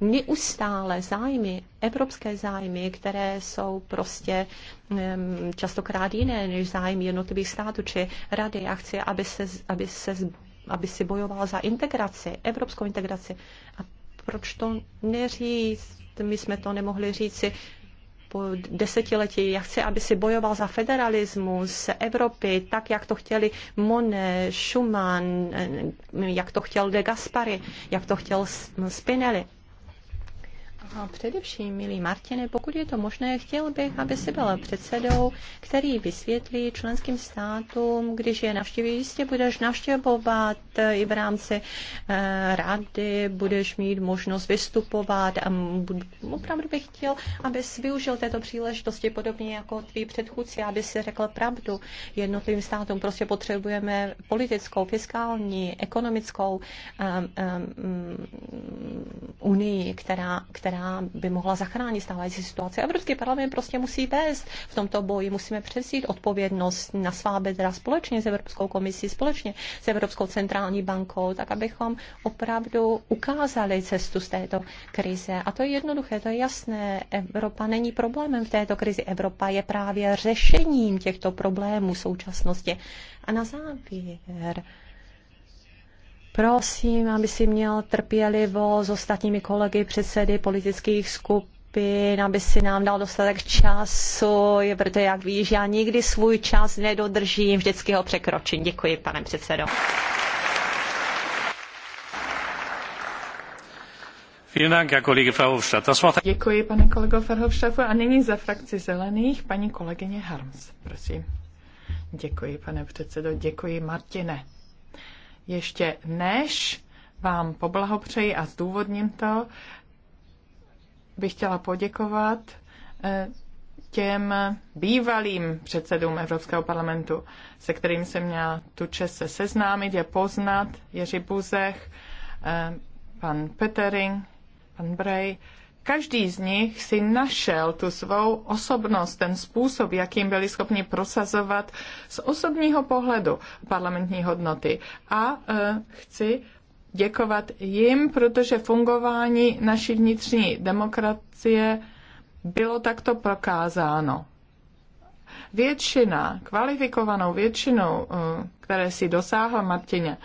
neustále zájmy, evropské zájmy, které jsou prostě ehm, častokrát jiné než zájmy jednotlivých států či rady. Já chci, aby se, aby se aby si bojoval za integraci, evropskou integraci. A proč to neříct? My jsme to nemohli říci po desetiletí. Já chci, aby si bojoval za federalismus Evropy, tak, jak to chtěli Monet, Schumann, jak to chtěl de Gaspari, jak to chtěl Spinelli. A především, milý Martine, pokud je to možné, chtěl bych, aby si byl předsedou, který vysvětlí členským státům, když je navštěví, jistě budeš navštěvovat i v rámci eh, rady, budeš mít možnost vystupovat a opravdu bych chtěl, aby využil této příležitosti podobně jako tví předchůdci, aby si řekl pravdu jednotlivým státům. Prostě potřebujeme politickou, fiskální, ekonomickou eh, eh, mm, unii, která, která která by mohla zachránit stávající situaci. Evropský parlament prostě musí vést v tomto boji, musíme přesít odpovědnost na svá bedra společně s Evropskou komisí, společně s Evropskou centrální bankou, tak abychom opravdu ukázali cestu z této krize. A to je jednoduché, to je jasné. Evropa není problémem v této krizi. Evropa je právě řešením těchto problémů současnosti. A na závěr, Prosím, aby si měl trpělivost s ostatními kolegy, předsedy politických skupin, aby si nám dal dostatek času, protože jak víš, já nikdy svůj čas nedodržím, vždycky ho překročím. Děkuji, pane předsedo. Děkuji, pane kolego Ferhofštafu. A nyní za frakci zelených paní kolegyně Harms, prosím. Děkuji, pane předsedo, děkuji, Martine ještě než vám poblahopřeji a zdůvodním to, bych chtěla poděkovat eh, těm bývalým předsedům Evropského parlamentu, se kterým jsem měla tu čest se seznámit, je poznat, Jeří Buzech, eh, pan Petering, pan Brej, Každý z nich si našel tu svou osobnost, ten způsob, jakým byli schopni prosazovat z osobního pohledu parlamentní hodnoty. A e, chci děkovat jim, protože fungování naší vnitřní demokracie bylo takto prokázáno. Většina, kvalifikovanou většinou, e, které si dosáhl Martině,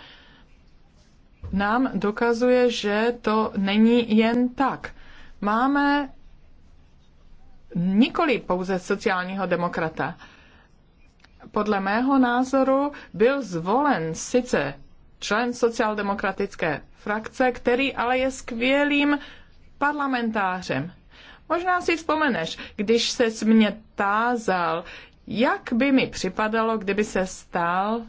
nám dokazuje, že to není jen tak máme nikoli pouze sociálního demokrata. Podle mého názoru byl zvolen sice člen sociáldemokratické frakce, který ale je skvělým parlamentářem. Možná si vzpomeneš, když se mě tázal, jak by mi připadalo, kdyby se stal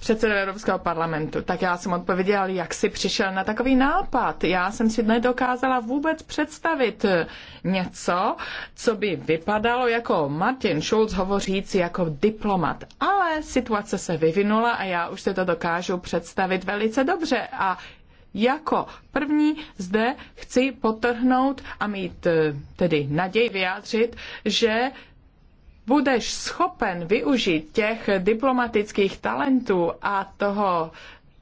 předseda Evropského parlamentu. Tak já jsem odpověděl, jak si přišel na takový nápad. Já jsem si nedokázala vůbec představit něco, co by vypadalo jako Martin Schulz hovořící jako diplomat. Ale situace se vyvinula a já už si to dokážu představit velice dobře. A jako první zde chci potrhnout a mít eh, tedy naději vyjádřit, že budeš schopen využít těch diplomatických talentů a toho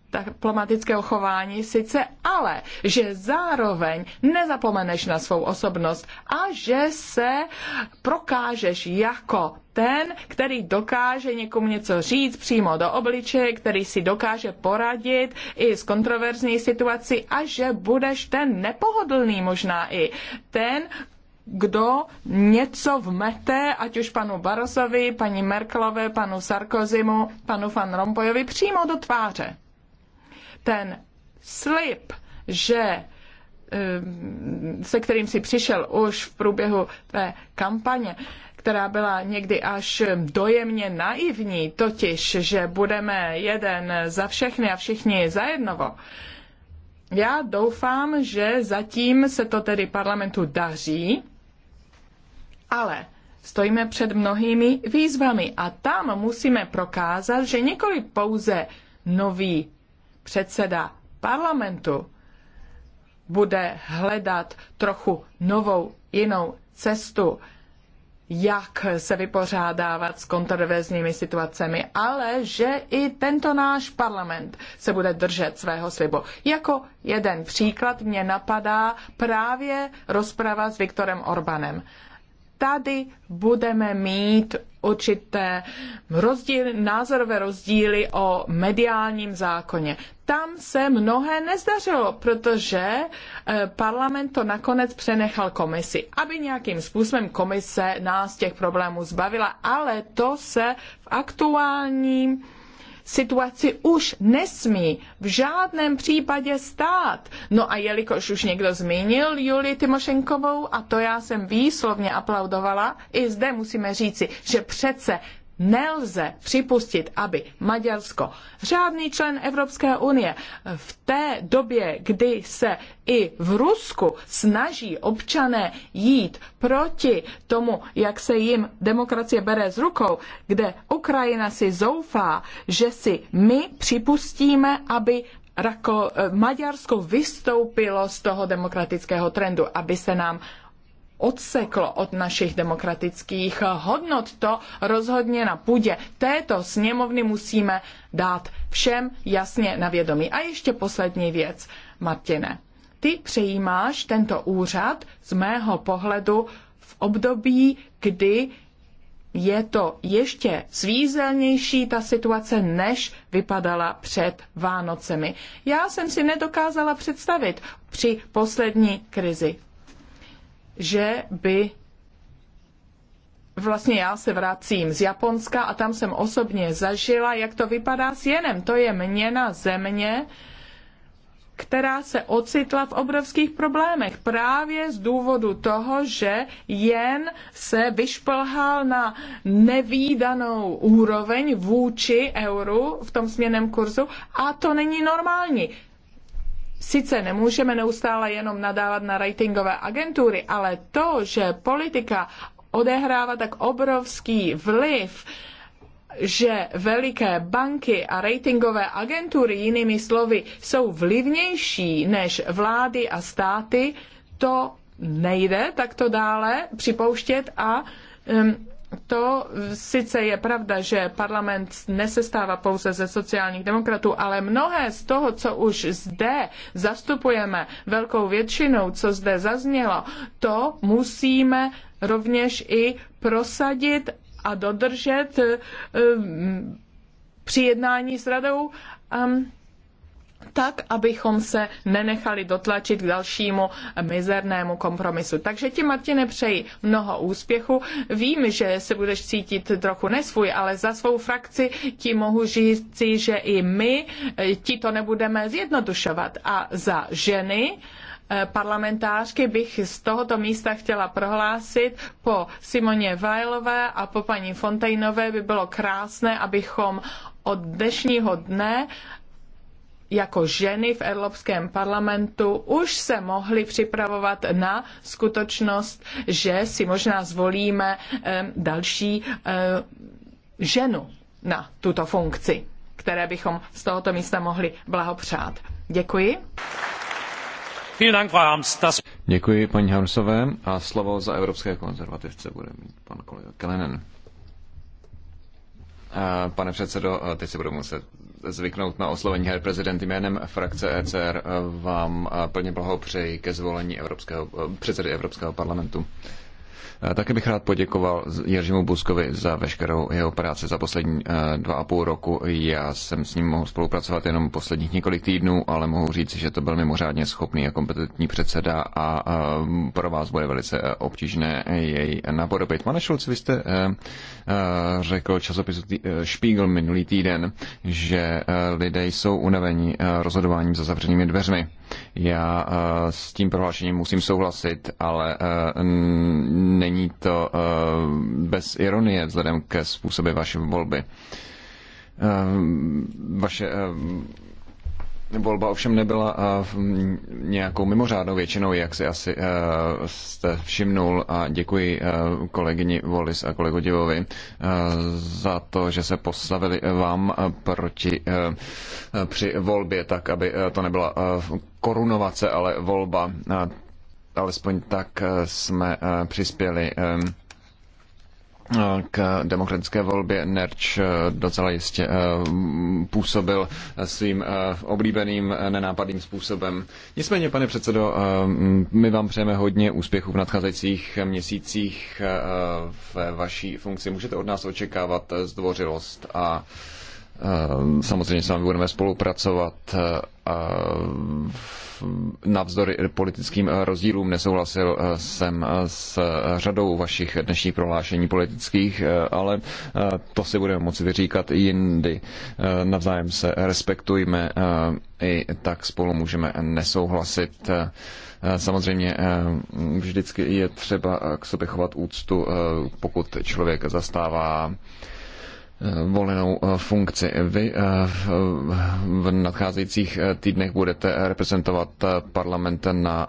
diplomatického chování sice, ale že zároveň nezapomeneš na svou osobnost a že se prokážeš jako ten, který dokáže někomu něco říct přímo do obličeje, který si dokáže poradit i s kontroverzní situací a že budeš ten nepohodlný možná i ten, kdo něco vmete, ať už panu Barosovi, paní Merkelové, panu Sarkozimu, panu Van Rompojovi přímo do tváře. Ten slib, že eh, se kterým si přišel už v průběhu té kampaně, která byla někdy až dojemně naivní, totiž, že budeme jeden za všechny a všichni za jednoho. Já doufám, že zatím se to tedy parlamentu daří ale stojíme před mnohými výzvami a tam musíme prokázat, že nikoli pouze nový předseda parlamentu bude hledat trochu novou, jinou cestu, jak se vypořádávat s kontroverzními situacemi, ale že i tento náš parlament se bude držet svého slibu. Jako jeden příklad mě napadá právě rozprava s Viktorem Orbanem tady budeme mít určité rozdíly, názorové rozdíly o mediálním zákoně. Tam se mnohé nezdařilo, protože eh, parlament to nakonec přenechal komisi, aby nějakým způsobem komise nás těch problémů zbavila, ale to se v aktuálním situaci už nesmí v žádném případě stát. No a jelikož už někdo zmínil Julii Timošenkovou, a to já jsem výslovně aplaudovala, i zde musíme říci, že přece Nelze připustit, aby Maďarsko, řádný člen Evropské unie, v té době, kdy se i v Rusku snaží občané jít proti tomu, jak se jim demokracie bere z rukou, kde Ukrajina si zoufá, že si my připustíme, aby Rako, Maďarsko vystoupilo z toho demokratického trendu, aby se nám odseklo od našich demokratických hodnot. To rozhodně na půdě této sněmovny musíme dát všem jasně na vědomí. A ještě poslední věc, Martine. Ty přejímáš tento úřad z mého pohledu v období, kdy je to ještě svízelnější ta situace, než vypadala před Vánocemi. Já jsem si nedokázala představit při poslední krizi že by vlastně já se vracím z Japonska a tam jsem osobně zažila, jak to vypadá s jenem. To je měna země, která se ocitla v obrovských problémech právě z důvodu toho, že jen se vyšplhal na nevýdanou úroveň vůči euru v tom směném kurzu a to není normální sice nemůžeme neustále jenom nadávat na ratingové agentury, ale to, že politika odehrává tak obrovský vliv, že veliké banky a ratingové agentury, jinými slovy, jsou vlivnější než vlády a státy, to nejde takto dále připouštět a um, to sice je pravda, že parlament nesestává pouze ze sociálních demokratů, ale mnohé z toho, co už zde zastupujeme velkou většinou, co zde zaznělo, to musíme rovněž i prosadit a dodržet eh, při jednání s radou. Um, tak, abychom se nenechali dotlačit k dalšímu mizernému kompromisu. Takže ti, Martine, přeji mnoho úspěchu. Vím, že se budeš cítit trochu nesvůj, ale za svou frakci ti mohu říci, že i my eh, ti to nebudeme zjednodušovat. A za ženy, eh, parlamentářky bych z tohoto místa chtěla prohlásit, po Simoně Vajlové a po paní Fontejnové by bylo krásné, abychom od dnešního dne jako ženy v Evropském parlamentu už se mohly připravovat na skutečnost, že si možná zvolíme eh, další eh, ženu na tuto funkci, které bychom z tohoto místa mohli blahopřát. Děkuji. Děkuji paní Harmsové a slovo za evropské konzervativce bude mít pan kolega Kelenen. Pane předsedo, teď si budu muset zvyknout na oslovení herr prezident jménem frakce ECR. Vám plně blahopřeji ke zvolení Evropského, předsedy Evropského parlamentu. Také bych rád poděkoval Jiřímu Buskovi za veškerou jeho práci za poslední eh, dva a půl roku. Já jsem s ním mohl spolupracovat jenom posledních několik týdnů, ale mohu říct, že to byl mimořádně schopný a kompetentní předseda a eh, pro vás bude velice eh, obtížné jej napodobit. Pane Šulc, vy jste řekl časopisu Spiegel minulý týden, že lidé jsou unavení rozhodováním za zavřenými dveřmi. Já eh, s tím prohlášením musím souhlasit, ale eh, není to eh, bez ironie vzhledem ke způsobě vaší volby. Vaše Volba ovšem nebyla eh, nějakou mimořádnou většinou, jak si asi eh, jste všimnul a děkuji eh, kolegyni Volis a kolegu Divovi za to, že se postavili vám proti při volbě, tak aby to nebyla korunovace, ale volba. Alespoň tak jsme přispěli k demokratické volbě Nerč eh, docela jistě eh, působil eh, svým oblíbeným nenápadným způsobem. Nicméně, pane předsedo, my vám přejeme hodně úspěchů v nadcházejících měsících v vaší funkci. Můžete od nás očekávat zdvořilost a Ehm, samozřejmě s vámi budeme spolupracovat eh, navzdory politickým eh, rozdílům nesouhlasil eh, jsem s řadou vašich dnešních prohlášení politických, ale to si budeme moci vyříkat jindy. Navzájem se respektujme, i tak spolu můžeme nesouhlasit. Samozřejmě vždycky je třeba k sobě chovat úctu, pokud člověk zastává Eh, volenou eh, funkci. Vy eh, v nadcházejících týdnech budete reprezentovat parlament na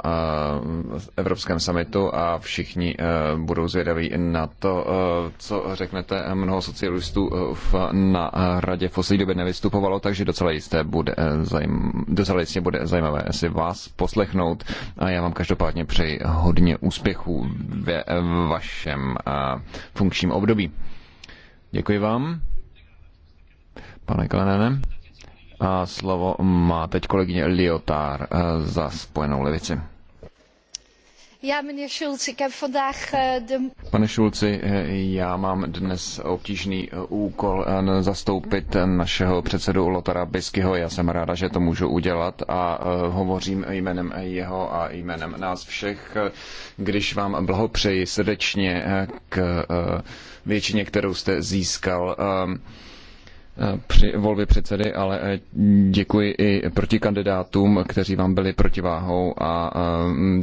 Evropském samitu a všichni budou zvědaví na to, co řeknete. Mnoho socialistů na radě v poslední době nevystupovalo, takže docela, jisté bude zajm, docela jistě bude zajímavé si vás poslechnout a já vám každopádně přeji hodně úspěchů ve vašem funkčním období. Děkuji vám, pane Klenene. A slovo má teď kolegyně Liotár eh, za spojenou levici. Eh, Pane Schulz, eh, já mám dnes obtížný eh, úkol zastoupit našeho předsedu Lotara Biskyho. Já jsem ráda, že to můžu udělat a hovořím jménem jeho a jménem nás všech, když vám blahopřeji srdečně k většině, kterou jste získal. Eh, při volbě předsedy, ale eh, děkuji i proti kandidátům, kteří vám byli protiváhou a eh,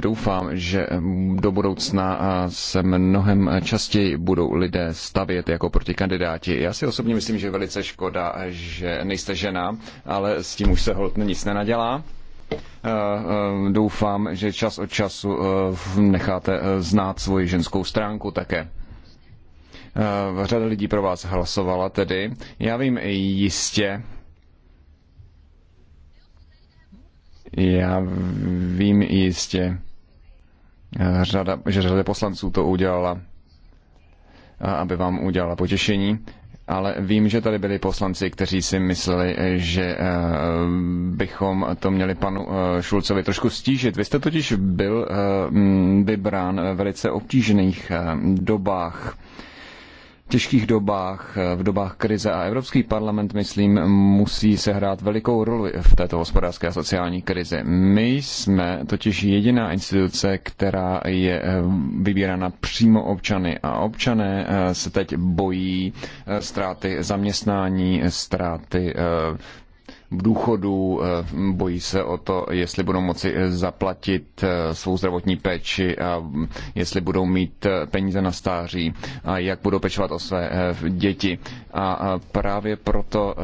doufám, že do budoucna se mnohem častěji budou lidé stavět jako proti kandidáti. Já si osobně myslím, že je velice škoda, že nejste žena, ale s tím už se hod nic nenadělá. Doufám, že čas od času necháte znát svoji ženskou stránku také. Eh, řada lidí pro vás hlasovala tedy. Já vím jistě, já vím jistě, eh, řada, že řada poslanců to udělala, eh, aby vám udělala potěšení. Ale vím, že tady byli poslanci, kteří si mysleli, že bychom to měli panu Šulcovi trošku stížit. Vy jste totiž byl vybrán ve velice obtížných dobách těžkých dobách, eh, v dobách krize a Evropský parlament, myslím, musí sehrát velikou roli v této hospodářské a sociální krizi. My jsme totiž jediná instituce, která je eh, vybírána přímo občany a občané eh, se teď bojí ztráty zaměstnání, ztráty důchodu, eh, bojí se o to, jestli budou moci eh, zaplatit eh, svou zdravotní péči a mm, jestli budou mít peníze na stáří a jak budou pečovat o své děti. A právě proto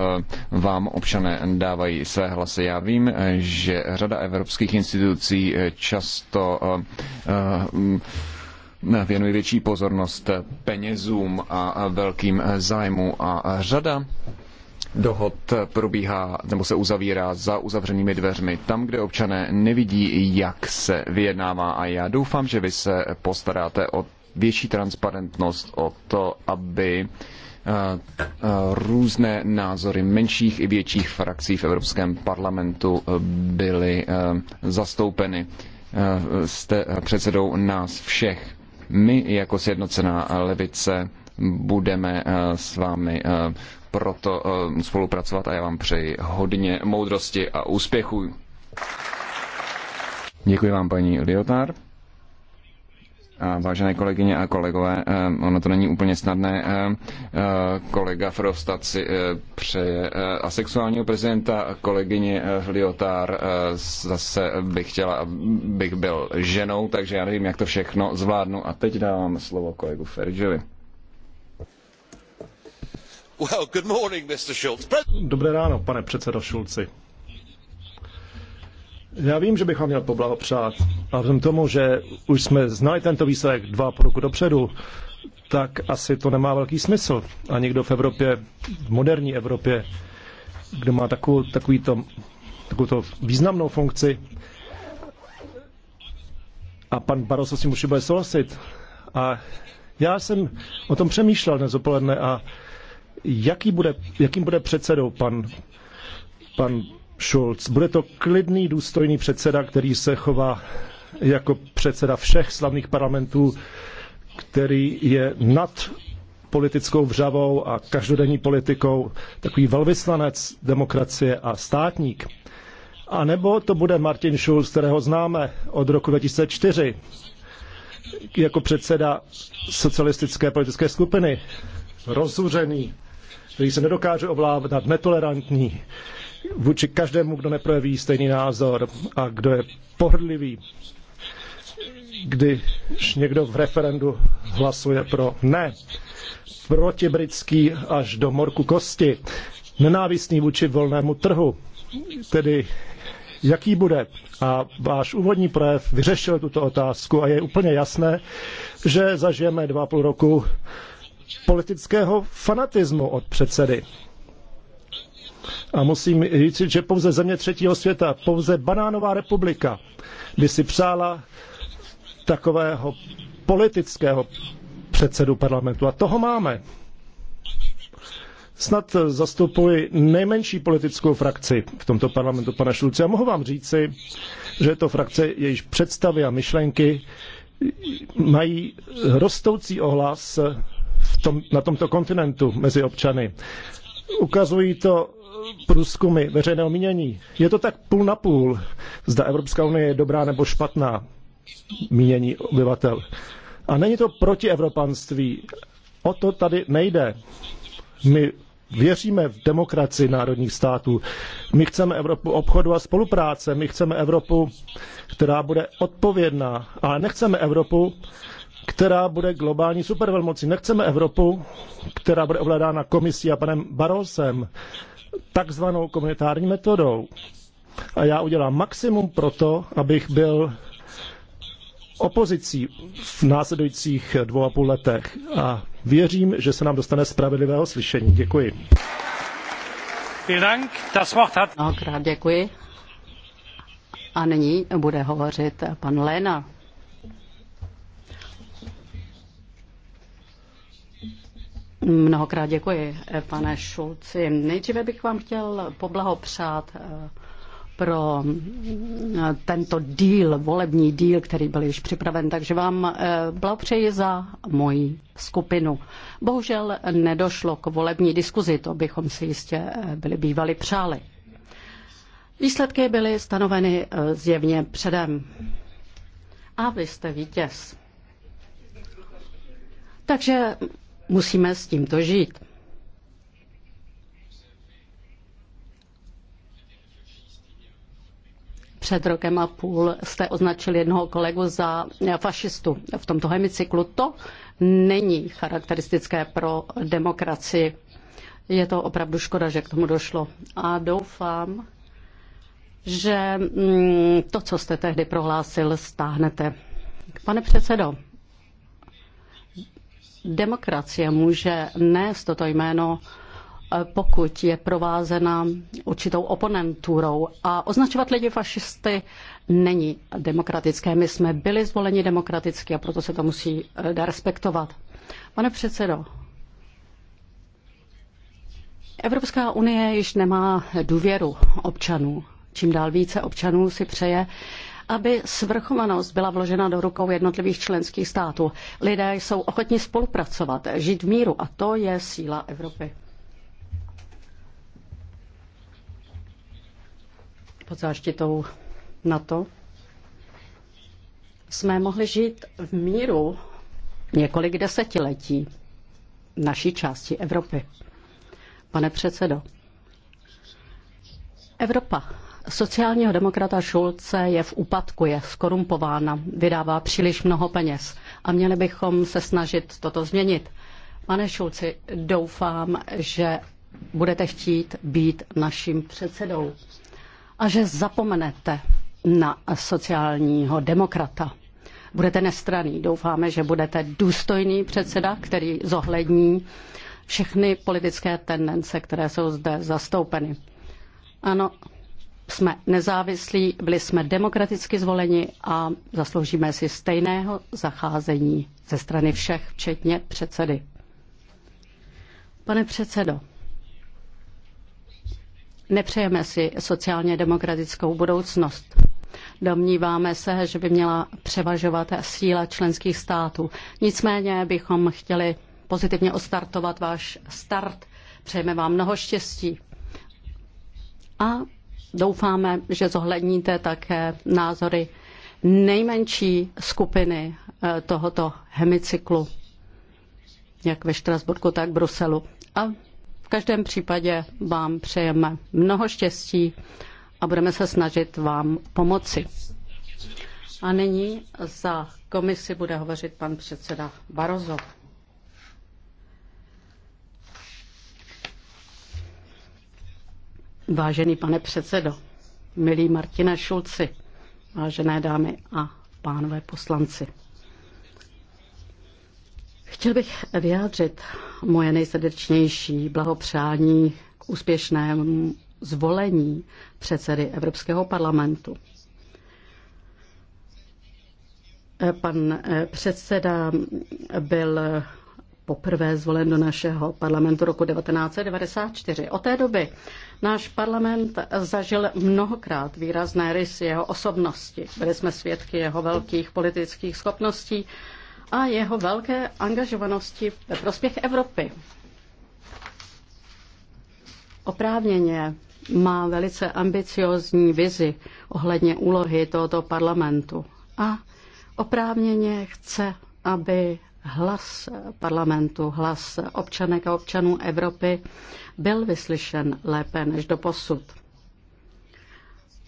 vám občané dávají své hlasy. Já vím, že řada evropských institucí často mm, věnuje větší pozornost penězům a velkým zájmu a řada dohod probíhá nebo se uzavírá za uzavřenými dveřmi, tam, kde občané nevidí, jak se vyjednává. A já doufám, že vy se postaráte o větší transparentnost, o to, aby eh, eh, různé názory menších i větších frakcí v Evropském parlamentu eh, byly zastoupeny. Jste předsedou nás všech. My jako sjednocená levice budeme s vámi proto eh, spolupracovat a já vám přeji hodně moudrosti a úspěchů. Děkuji vám, paní Liotár. A vážené kolegyně a kolegové, eh, ono to není úplně snadné. Eh, kolega Frostat si přeje asexuálního prezidenta, kolegyně Liotár zase bych chtěla, bych byl ženou, takže já nevím, jak to všechno zvládnu. A teď dávám slovo kolegu Ferdžovi. Dobré ráno, pane předsedo Šulci. Já vím, že bych vám měl poblahopřát. A vzhledem tomu, že už jsme znali tento výsledek dva půl roku dopředu, tak asi to nemá velký smysl. A někdo v Evropě, v moderní Evropě, kdo má takovou, takový to, takovou to významnou funkci, a pan Barroso si musí bude souhlasit. A já jsem o tom přemýšlel dnes a jaký bude, jakým bude předsedou pan, pan Schulz. Bude to klidný, důstojný předseda, který se chová jako předseda všech slavných parlamentů, který je nad politickou vřavou a každodenní politikou, takový velvyslanec demokracie a státník. A nebo to bude Martin Schulz, kterého známe od roku 2004 jako předseda socialistické politické skupiny, rozuřený který se nedokáže ovládat, netolerantní vůči každému, kdo neprojeví stejný názor a kdo je pohrdlivý, když někdo v referendu hlasuje pro ne, protibritský až do morku kosti, nenávistný vůči volnému trhu, tedy jaký bude. A váš úvodní projev vyřešil tuto otázku a je úplně jasné, že zažijeme dva půl roku politického fanatismu od předsedy. A musím říct, že pouze země třetího světa, pouze banánová republika by si přála takového politického předsedu parlamentu. A toho máme. Snad zastupuji nejmenší politickou frakci v tomto parlamentu, pane Šulce. a mohu vám říci, že je to frakce, jejíž představy a myšlenky mají rostoucí ohlas tom, na tomto kontinentu mezi občany. Ukazují to průzkumy veřejného mínění. Je to tak půl na půl, zda Evropská unie je dobrá nebo špatná mínění obyvatel. A není to proti evropanství. O to tady nejde. My věříme v demokracii národních států. My chceme Evropu obchodu a spolupráce. My chceme Evropu, která bude odpovědná. Ale nechceme Evropu, která bude globální supervelmocí. Nechceme Evropu, která bude ovládána komisí a panem Barosem, takzvanou komunitární metodou. A já udělám maximum pro to, abych byl opozicí v následujících dvou a půl letech a věřím, že se nám dostane spravedlivého slyšení. Děkuji. Mnohokrát děkuji. A nyní bude hovořit pan Lena. Mnohokrát děkuji, eh, pane Šulci. Nejdříve bych vám chtěl poblahopřát eh, pro eh, tento díl, volební díl, který byl již připraven, takže vám blahopřeji za moji skupinu. Bohužel nedošlo k volební diskuzi, to bychom si jistě byli bývali přáli. Výsledky byly stanoveny zjevně předem. A vy jste vítěz. Takže Musíme s tímto žít. Před rokem a půl jste označil jednoho kolegu za fašistu v tomto hemicyklu. To není charakteristické pro demokracii. Je to opravdu škoda, že k tomu došlo. A doufám, že mm, to, co jste tehdy prohlásil, stáhnete. Pane předsedo, demokracie může nést toto jméno, eh, pokud je provázena určitou oponenturou. A označovat lidi fašisty není demokratické. My jsme byli zvoleni demokraticky a proto se to musí eh, respektovat. Pane předsedo, Evropská unie již nemá důvěru občanů. Čím dál více občanů si přeje, aby svrchovanost byla vložena do rukou jednotlivých členských států. Lidé jsou ochotni spolupracovat, žít v míru a to je síla Evropy. Pod záštitou NATO jsme mohli žít v míru několik desetiletí naší části Evropy. Pane předsedo, Evropa sociálního demokrata Šulce je v úpadku, je skorumpována, vydává příliš mnoho peněz a měli bychom se snažit toto změnit. Pane Šulci, doufám, že budete chtít být naším předsedou a že zapomenete na sociálního demokrata. Budete nestraný. Doufáme, že budete důstojný předseda, který zohlední všechny politické tendence, které jsou zde zastoupeny. Ano, jsme nezávislí, byli jsme demokraticky zvoleni a zasloužíme si stejného zacházení ze strany všech, včetně předsedy. Pane předsedo, nepřejeme si sociálně demokratickou budoucnost. Domníváme se, že by měla převažovat síla členských států. Nicméně bychom chtěli pozitivně odstartovat váš start. Přejeme vám mnoho štěstí. A doufáme, že zohledníte také názory nejmenší skupiny eh, tohoto hemicyklu, jak ve Štrasburku, tak v Bruselu. A v každém případě vám přejeme mnoho štěstí a budeme se snažit vám pomoci. A nyní za komisi bude hovořit pan předseda Barozov. Vážený pane předsedo, milí Martina Šulci, vážené dámy a pánové poslanci. Chtěl bych vyjádřit moje nejsrdečnější blahopřání k úspěšnému zvolení předsedy Evropského parlamentu. Pan předseda byl poprvé zvolen do našeho parlamentu roku 1994. Od té doby náš parlament zažil mnohokrát výrazné rysy jeho osobnosti. Byli jsme svědky jeho velkých politických schopností a jeho velké angažovanosti ve prospěch Evropy. Oprávněně má velice ambiciozní vizi ohledně úlohy tohoto parlamentu a oprávněně chce, aby hlas parlamentu, hlas občanek a občanů Evropy byl vyslyšen lépe než do posud.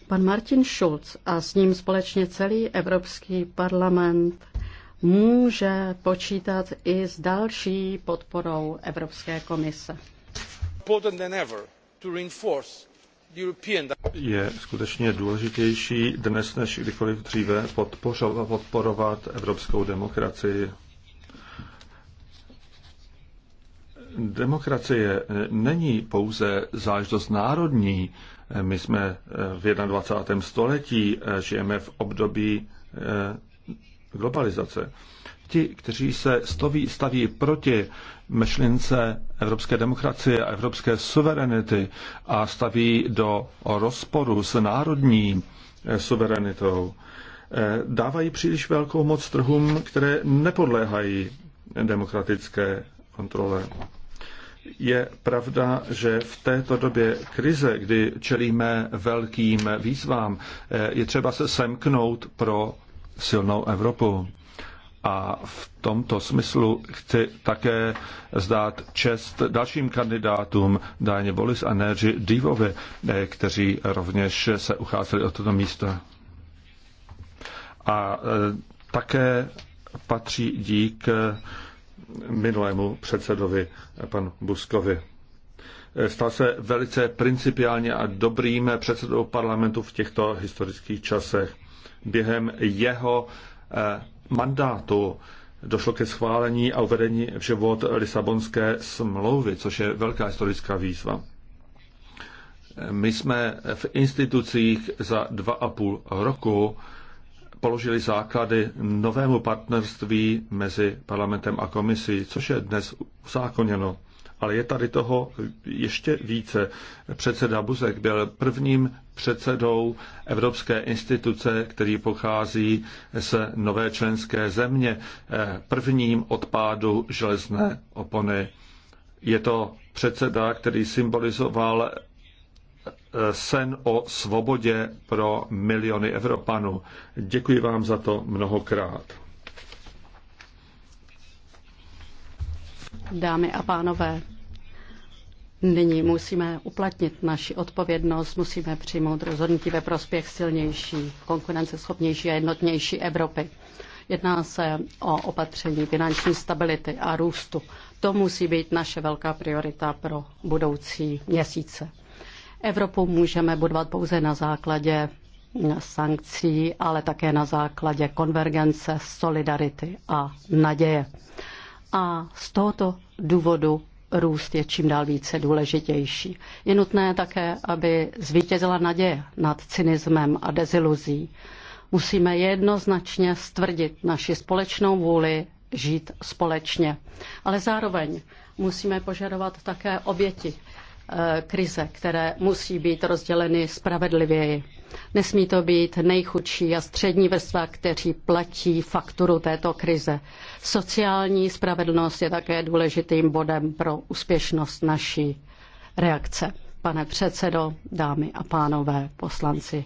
Pan Martin Schulz a s ním společně celý Evropský parlament může počítat i s další podporou Evropské komise. Je skutečně důležitější dnes než kdykoliv dříve podporovat evropskou demokracii. demokracie eh, není pouze záležitost národní. Eh, my jsme eh, v 21. století, žijeme v období globalizace. Ti, kteří se staví, staví proti myšlince evropské demokracie a evropské suverenity a staví do rozporu s národní suverenitou, dávají příliš velkou moc trhům, které nepodléhají demokratické kontrole. Je pravda, že v této době krize, kdy čelíme velkým výzvám, eh, je třeba se semknout pro silnou Evropu. A v tomto smyslu chci také zdát čest dalším kandidátům Dáně Bolis a Nerži Divovi, eh, kteří rovněž se ucházeli o toto místo. A eh, také patří dík minulému předsedovi panu Buskovi. Stal se velice principiálně a dobrým předsedou parlamentu v těchto historických časech. Během jeho eh, mandátu došlo ke schválení a uvedení v život Lisabonské smlouvy, což je velká historická výzva. My jsme v institucích za dva a půl roku položili základy novému partnerství mezi parlamentem a komisí, což je dnes uzákoněno. Ale je tady toho ještě více. Předseda Buzek byl prvním předsedou Evropské instituce, který pochází z nové členské země, prvním odpádu železné opony. Je to předseda, který symbolizoval sen o svobodě pro miliony Evropanů. Děkuji vám za to mnohokrát. Dámy a pánové, nyní musíme uplatnit naši odpovědnost, musíme přijmout rozhodnutí ve prospěch silnější, konkurenceschopnější a jednotnější Evropy. Jedná se o opatření finanční stability a růstu. To musí být naše velká priorita pro budoucí měsíce. Evropu můžeme budovat pouze na základě sankcí, ale také na základě konvergence, solidarity a naděje. A z tohoto důvodu růst je čím dál více důležitější. Je nutné také, aby zvítězila naděje nad cynismem a deziluzí. Musíme jednoznačně stvrdit naši společnou vůli žít společně. Ale zároveň musíme požadovat také oběti, Eh, krize, které musí být rozděleny spravedlivěji. Nesmí to být nejchudší a střední vrstva, kteří platí fakturu této krize. Sociální spravedlnost je také důležitým bodem pro úspěšnost naší reakce. Pane předsedo, dámy a pánové, poslanci,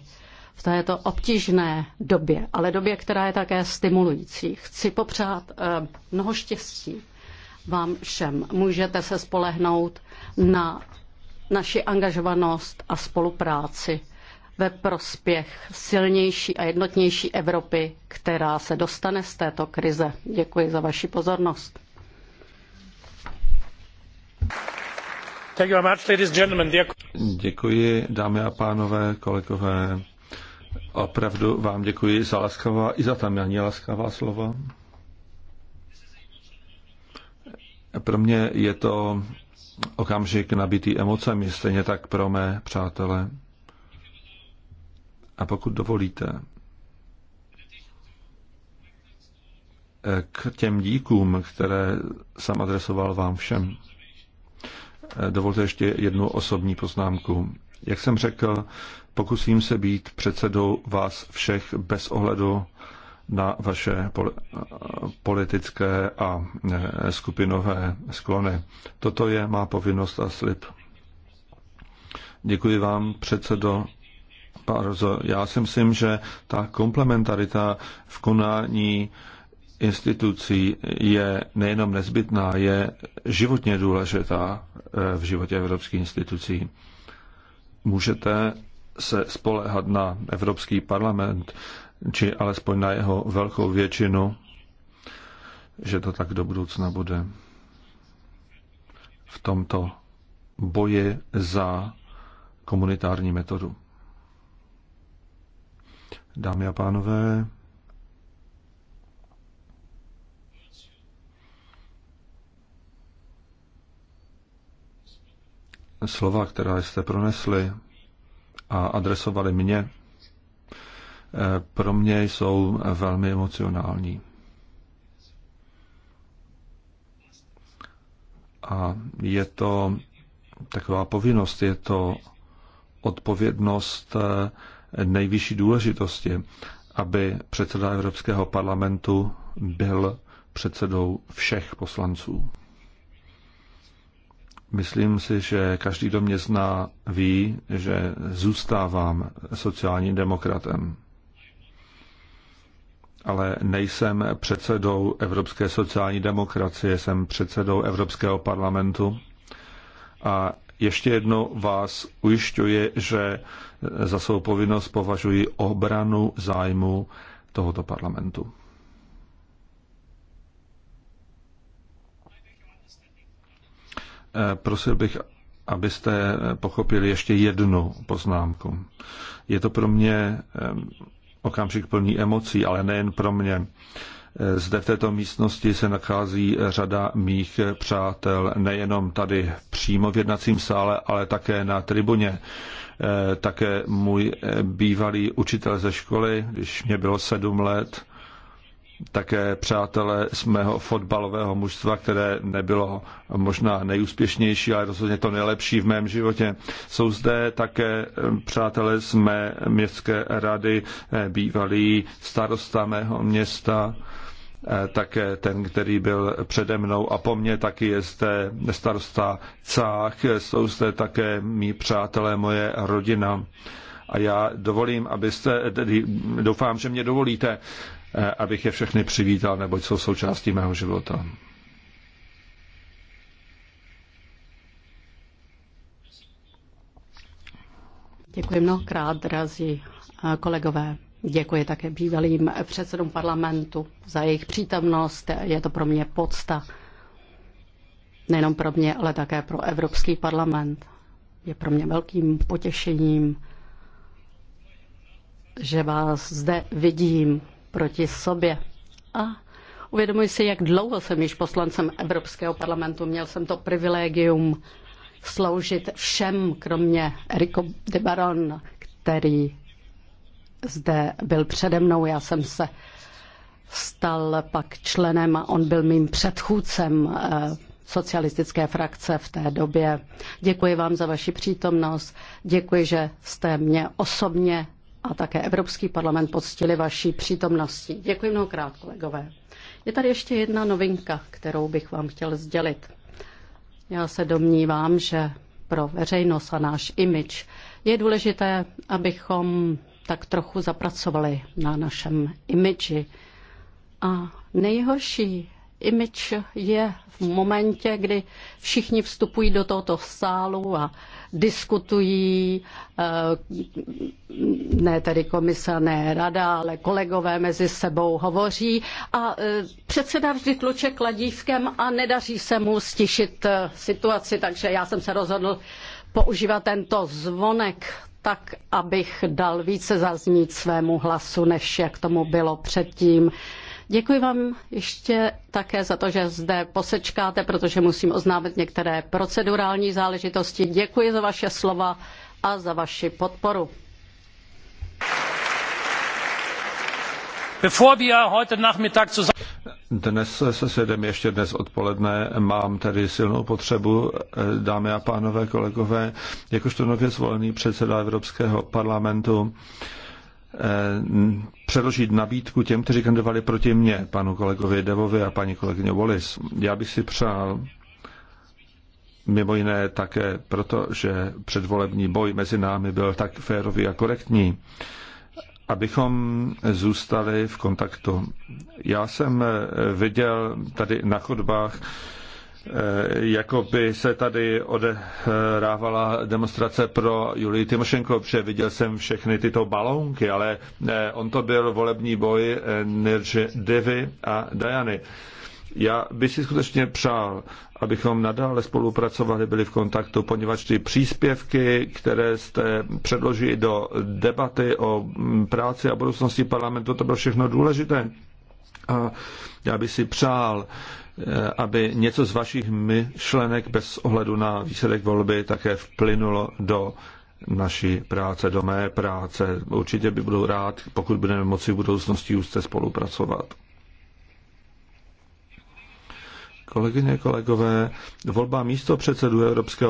v této obtížné době, ale době, která je také stimulující, chci popřát eh, mnoho štěstí vám všem. Můžete se spolehnout na naši angažovanost a spolupráci ve prospěch silnější a jednotnější Evropy, která se dostane z této krize. Děkuji za vaši pozornost. Děkuji, dámy a pánové, kolegové. Opravdu vám děkuji za laskavá i za tam ani laskavá slova. Pro mě je to okamžik nabitý emocemi, stejně tak pro mé přátele. A pokud dovolíte, k těm díkům, které jsem adresoval vám všem. Dovolte ještě jednu osobní poznámku. Jak jsem řekl, pokusím se být předsedou vás všech bez ohledu na vaše politické a eh, skupinové sklony. Toto je má povinnost a slib. Děkuji vám, předsedo Barzo. Já si myslím, že ta komplementarita v konání institucí je nejenom nezbytná, je životně důležitá eh, v životě evropských institucí. Můžete se spolehat na Evropský parlament, či alespoň na jeho velkou většinu, že to tak do budoucna bude v tomto boji za komunitární metodu. Dámy a pánové, slova, která jste pronesli a adresovali mě, pro mě jsou velmi emocionální. A je to taková povinnost, je to odpovědnost eh, nejvyšší důležitosti, aby předseda Evropského parlamentu byl předsedou všech poslanců. Myslím si, že každý, kdo mě zná, ví, že zůstávám sociálním demokratem ale nejsem předsedou Evropské sociální demokracie, jsem předsedou Evropského parlamentu. A ještě jedno, vás ujišťuji, že za svou povinnost považuji obranu zájmu tohoto parlamentu. Eh, prosil bych, abyste pochopili ještě jednu poznámku. Je to pro mě eh, okamžik plný emocí, ale nejen pro mě. Zde v této místnosti se nachází řada mých přátel, nejenom tady přímo v jednacím sále, ale také na tribuně. E, také můj bývalý učitel ze školy, když mě bylo sedm let, také přátelé z mého fotbalového mužstva, které nebylo možná nejúspěšnější, ale rozhodně to nejlepší v mém životě. Jsou zde také eh, přátelé z mé městské rady, eh, bývalý starosta mého města, eh, také ten, který byl přede mnou a po mně taky je zde starosta Cách, jsou zde také mý přátelé, moje rodina. A já dovolím, abyste, doufám, že mě dovolíte, Eh, abych je všechny přivítal, neboť jsou součástí mého života. Děkuji mnohokrát, drazí eh, kolegové. Děkuji také bývalým předsedům parlamentu za jejich přítomnost. Je to pro mě podsta. Nejenom pro mě, ale také pro Evropský parlament. Je pro mě velkým potěšením, že vás zde vidím proti sobě. A uvědomuji si, jak dlouho jsem již poslancem Evropského parlamentu. Měl jsem to privilegium sloužit všem, kromě Eriko de Baron, který zde byl přede mnou. Já jsem se stal pak členem a on byl mým předchůdcem eh, socialistické frakce v té době. Děkuji vám za vaši přítomnost, děkuji, že jste mě osobně a také Evropský parlament poctili vaší přítomnosti. Děkuji mnohokrát, kolegové. Je tady ještě jedna novinka, kterou bych vám chtěl sdělit. Já se domnívám, že pro veřejnost a náš imič je důležité, abychom tak trochu zapracovali na našem imidži. A nejhorší image je v momentě, kdy všichni vstupují do tohoto sálu a diskutují, eh, ne tedy komise, ne rada, ale kolegové mezi sebou hovoří a eh, předseda vždy tluče kladívkem a nedaří se mu stišit eh, situaci, takže já jsem se rozhodl používat tento zvonek tak, abych dal více zaznít svému hlasu, než jak tomu bylo předtím. Děkuji vám ještě také za to, že zde posečkáte, protože musím oznámit některé procedurální záležitosti. Děkuji za vaše slova a za vaši podporu. Dnes se sedem ještě dnes odpoledne mám tady silnou potřebu, eh, dámy a pánové, kolegové, jakožto nově zvolený předseda Evropského parlamentu Eh, předložit nabídku těm, kteří kandidovali proti mně, panu kolegovi Devovi a paní kolegyně Wallis. Já bych si přál, mimo jiné také proto, že předvolební boj mezi námi byl tak férový a korektní, abychom zůstali v kontaktu. Já jsem viděl tady na chodbách Eh, jako by se tady odehrávala demonstrace pro Julii Tymošenko, protože viděl jsem všechny tyto balónky, ale eh, on to byl volební boj eh, Nirže Devy a Dajany. Já bych si skutečně přál, abychom nadále spolupracovali, byli v kontaktu, poněvadž ty příspěvky, které jste předložili do debaty o mm, práci a budoucnosti parlamentu, to bylo všechno důležité. A já bych si přál, Eh, aby něco z vašich myšlenek bez ohledu na výsledek volby také vplynulo do naší práce, do mé práce. Určitě by budu rád, pokud budeme moci v budoucnosti úzce spolupracovat. Kolegyně, kolegové, volba místo předsedu Evropského